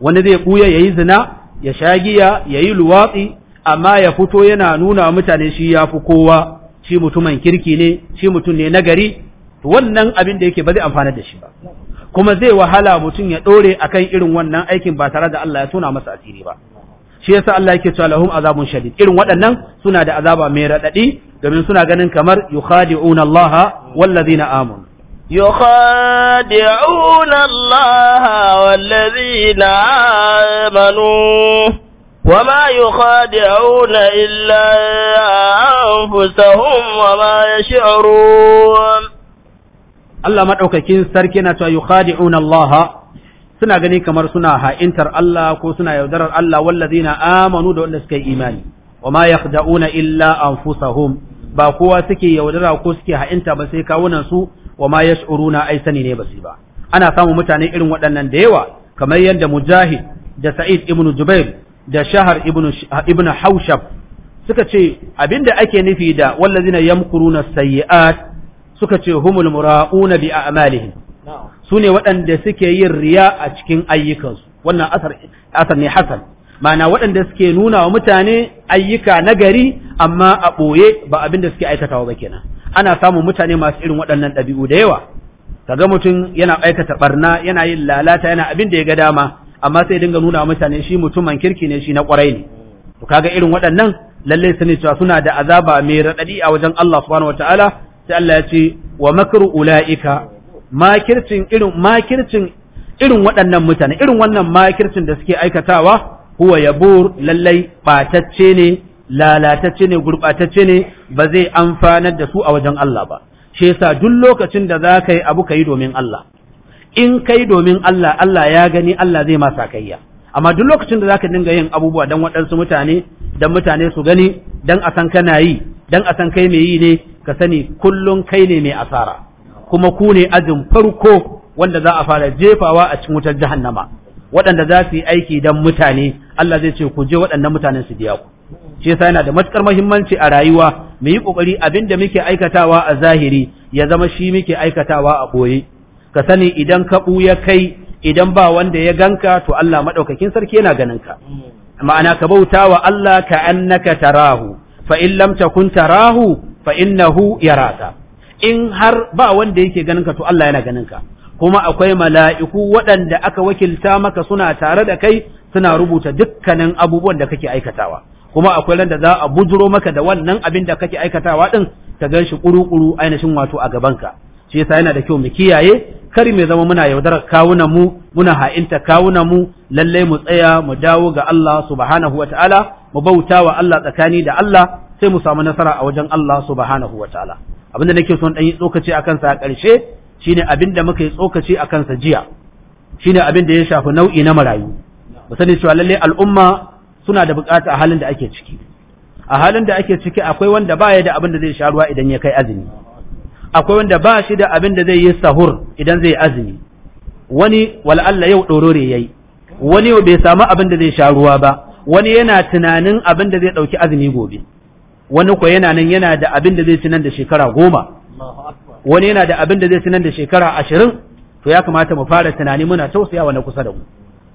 wanda zai buya yayi zina ya sha giya yayi luwatsi amma ya fito yana nuna wa mutane shi fi kowa shi mutumin kirki ne shi mutum ne nagari to wannan abin da yake ba zai amfana da shi ba kuma zai wahala mutum ya dore akan irin wannan aikin ba tare da Allah ya tuna masa asiri ba shi yasa Allah yake cewa lahum azabun shadid irin waɗannan suna da azaba mai radadi domin suna ganin kamar yukhadi'una Allah wallazina amanu
يخادعون الله والذين آمنوا وما يخادعون إلا أنفسهم وما
يشعرون Allah maɗaukakin sarki na cewa yukhadi'una suna gani kamar suna ha'intar Allah ko suna yaudarar Allah wallazina amanu da wanda suka yi imani wa ma yakhda'una illa anfusahum ba kowa suke yaudara ko suke ha'inta ba sai kawunan su wa ma yash'uruna ai sani ne basi ba ana samun mutane irin waɗannan da yawa kamar yadda mujahid da sa'id ibn jubair da shahar ibn ibn haushab suka ce abinda ake nufi da wallazina yamkuruna sayyi'at suka ce humul mura'una bi a'malihim su waɗanda suke yin riya a cikin ayyukansu wannan asar asar ne hasan ma'ana waɗanda suke nuna wa mutane ayyuka nagari amma a ɓoye ba abinda suke aikatawa ba kenan ana samun mutane masu irin waɗannan ɗabi'u da yawa kaga mutum yana aikata barna yana yin lalata yana abin da ya ga dama amma sai dinga nuna wa mutane shi mutumin kirki ne shi na ƙwarai ne to kaga irin waɗannan lalle su ne cewa suna da azaba mai raɗaɗi a wajen Allah subhanahu wataala sai Allah ya ce wa makru ulaika makircin irin makircin irin waɗannan mutane irin wannan makircin da suke aikatawa huwa yabur lallai batacce ne lalatacce ne gurɓatacce ne ba zai amfanar da su a wajen Allah ba shi yasa duk lokacin da za ka yi abu ka yi domin Allah in kai domin Allah Allah ya gani Allah zai masa kayya amma duk lokacin da zaka dinga yin abubuwa dan waɗansu mutane dan mutane su gani dan a san kana yi dan a san kai mai yi ne ka sani kullun kai ne mai asara kuma ku ne ajin farko wanda za a fara jefawa a cikin wutar jahannama waɗanda za su yi aiki dan mutane Allah zai ce ku je waɗannan mutanen su biya ku shi yasa yana da matukar muhimmanci a rayuwa mu yi kokari abin da muke aikatawa a zahiri ya zama shi muke aikatawa a boye ka sani idan ka ya kai idan ba wanda ya ganka to Allah madaukakin sarki yana ganin ka ma'ana ka bauta wa Allah ka annaka tarahu fa in lam takun tarahu fa innahu yaraka in har ba wanda yake ganin ka to Allah yana ganin ka kuma akwai mala'iku waɗanda aka wakilta maka suna tare da kai suna rubuta dukkanin abubuwan da kake aikatawa kuma akwai ran da za a bujuro maka da wannan abin da kake aikatawa din ka gan shi kuru-kuru ainihin wato a gabanka shi yasa yana da kyau mu kiyaye kar mai zama muna yaudarar kawunan mu muna ha'inta kawunan mu lalle mu tsaya mu dawo ga Allah subhanahu wataala mu bauta wa Allah tsakani da Allah sai mu samu nasara a wajen Allah subhanahu ta'ala. abin da nake son dan yi tsokaci a kansa a ƙarshe shine abin da muka yi tsokaci a kansa jiya shine abin da ya shafi nau'i na marayu mu sani cewa lallai al'umma suna da bukata a halin da ake ciki a halin da ake ciki akwai wanda baya da abin da zai sha ruwa idan ya kai azumi akwai wanda ba shi da abin da zai yi sahur idan zai azumi wani wal'alla yau ɗorore yayi wani yau bai samu abin da zai sha ruwa ba wani yana tunanin abin da zai ɗauki azumi gobe wani ko yana nan yana da abin da zai ci nan da shekara goma wani yana da abin da zai ci nan da shekara ashirin to ya kamata mu fara tunani muna tausayawa na kusa da mu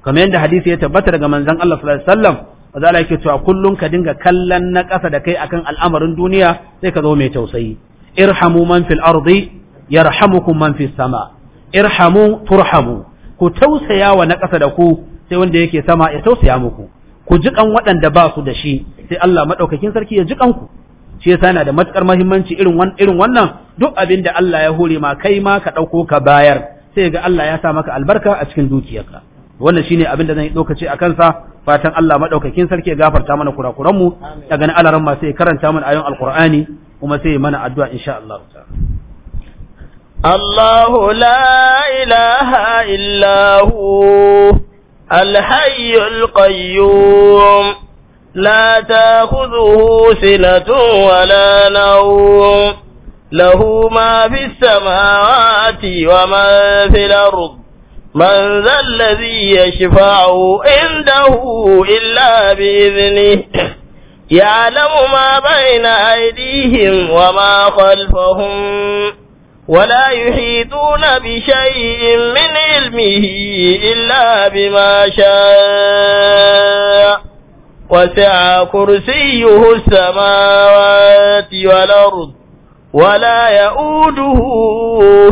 kamar yadda hadisi ya tabbata daga manzon Allah sallallahu alaihi wasallam wazala yake cewa kullum ka dinga kallon na ƙasa da kai akan al'amarin duniya sai ka zo mai tausayi irhamu man fil ardi yarhamukum man fis sama irhamu turhamu ku tausaya wa na ƙasa da ku sai wanda yake sama ya tausaya muku ku jiƙan waɗanda ba su da shi sai Allah madaukakin sarki ya jikan ku shi yasa yana da matukar muhimmanci irin irin wannan duk abin da Allah ya hore ma kai ma ka ɗauko ka bayar sai ga Allah ya sa maka albarka a cikin dukiyarka wannan shine abin da zan yi lokaci a kansa fatan Allah madaukakin sarki ya gafarta mana kurakuran mu daga nan alaran ma sai karanta mana ayoyin alqur'ani kuma sai mana addu'a insha Allah
الله لا إله إلا هو الحي القيوم لا تأخذه سنة ولا نوم له ما في السماوات وما في الأرض من ذا الذي يشفع عنده إلا بإذنه يعلم ما بين أيديهم وما خلفهم ولا يحيطون بشيء من علمه إلا بما شاء وسع كرسيه السماوات والأرض ولا يؤوده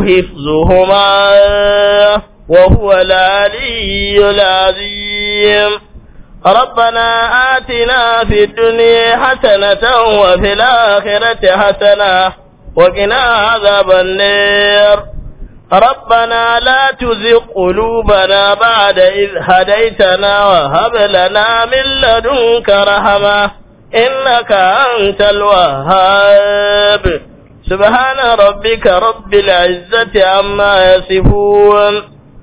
حفظهما وهو العلي العظيم ربنا آتنا في الدنيا حسنة وفي الآخرة حسنة وقنا عذاب النار ربنا لا تزغ قلوبنا بعد إذ هديتنا وهب لنا من لدنك رحمة إنك أنت الوهاب سبحان ربك رب العزة عما يصفون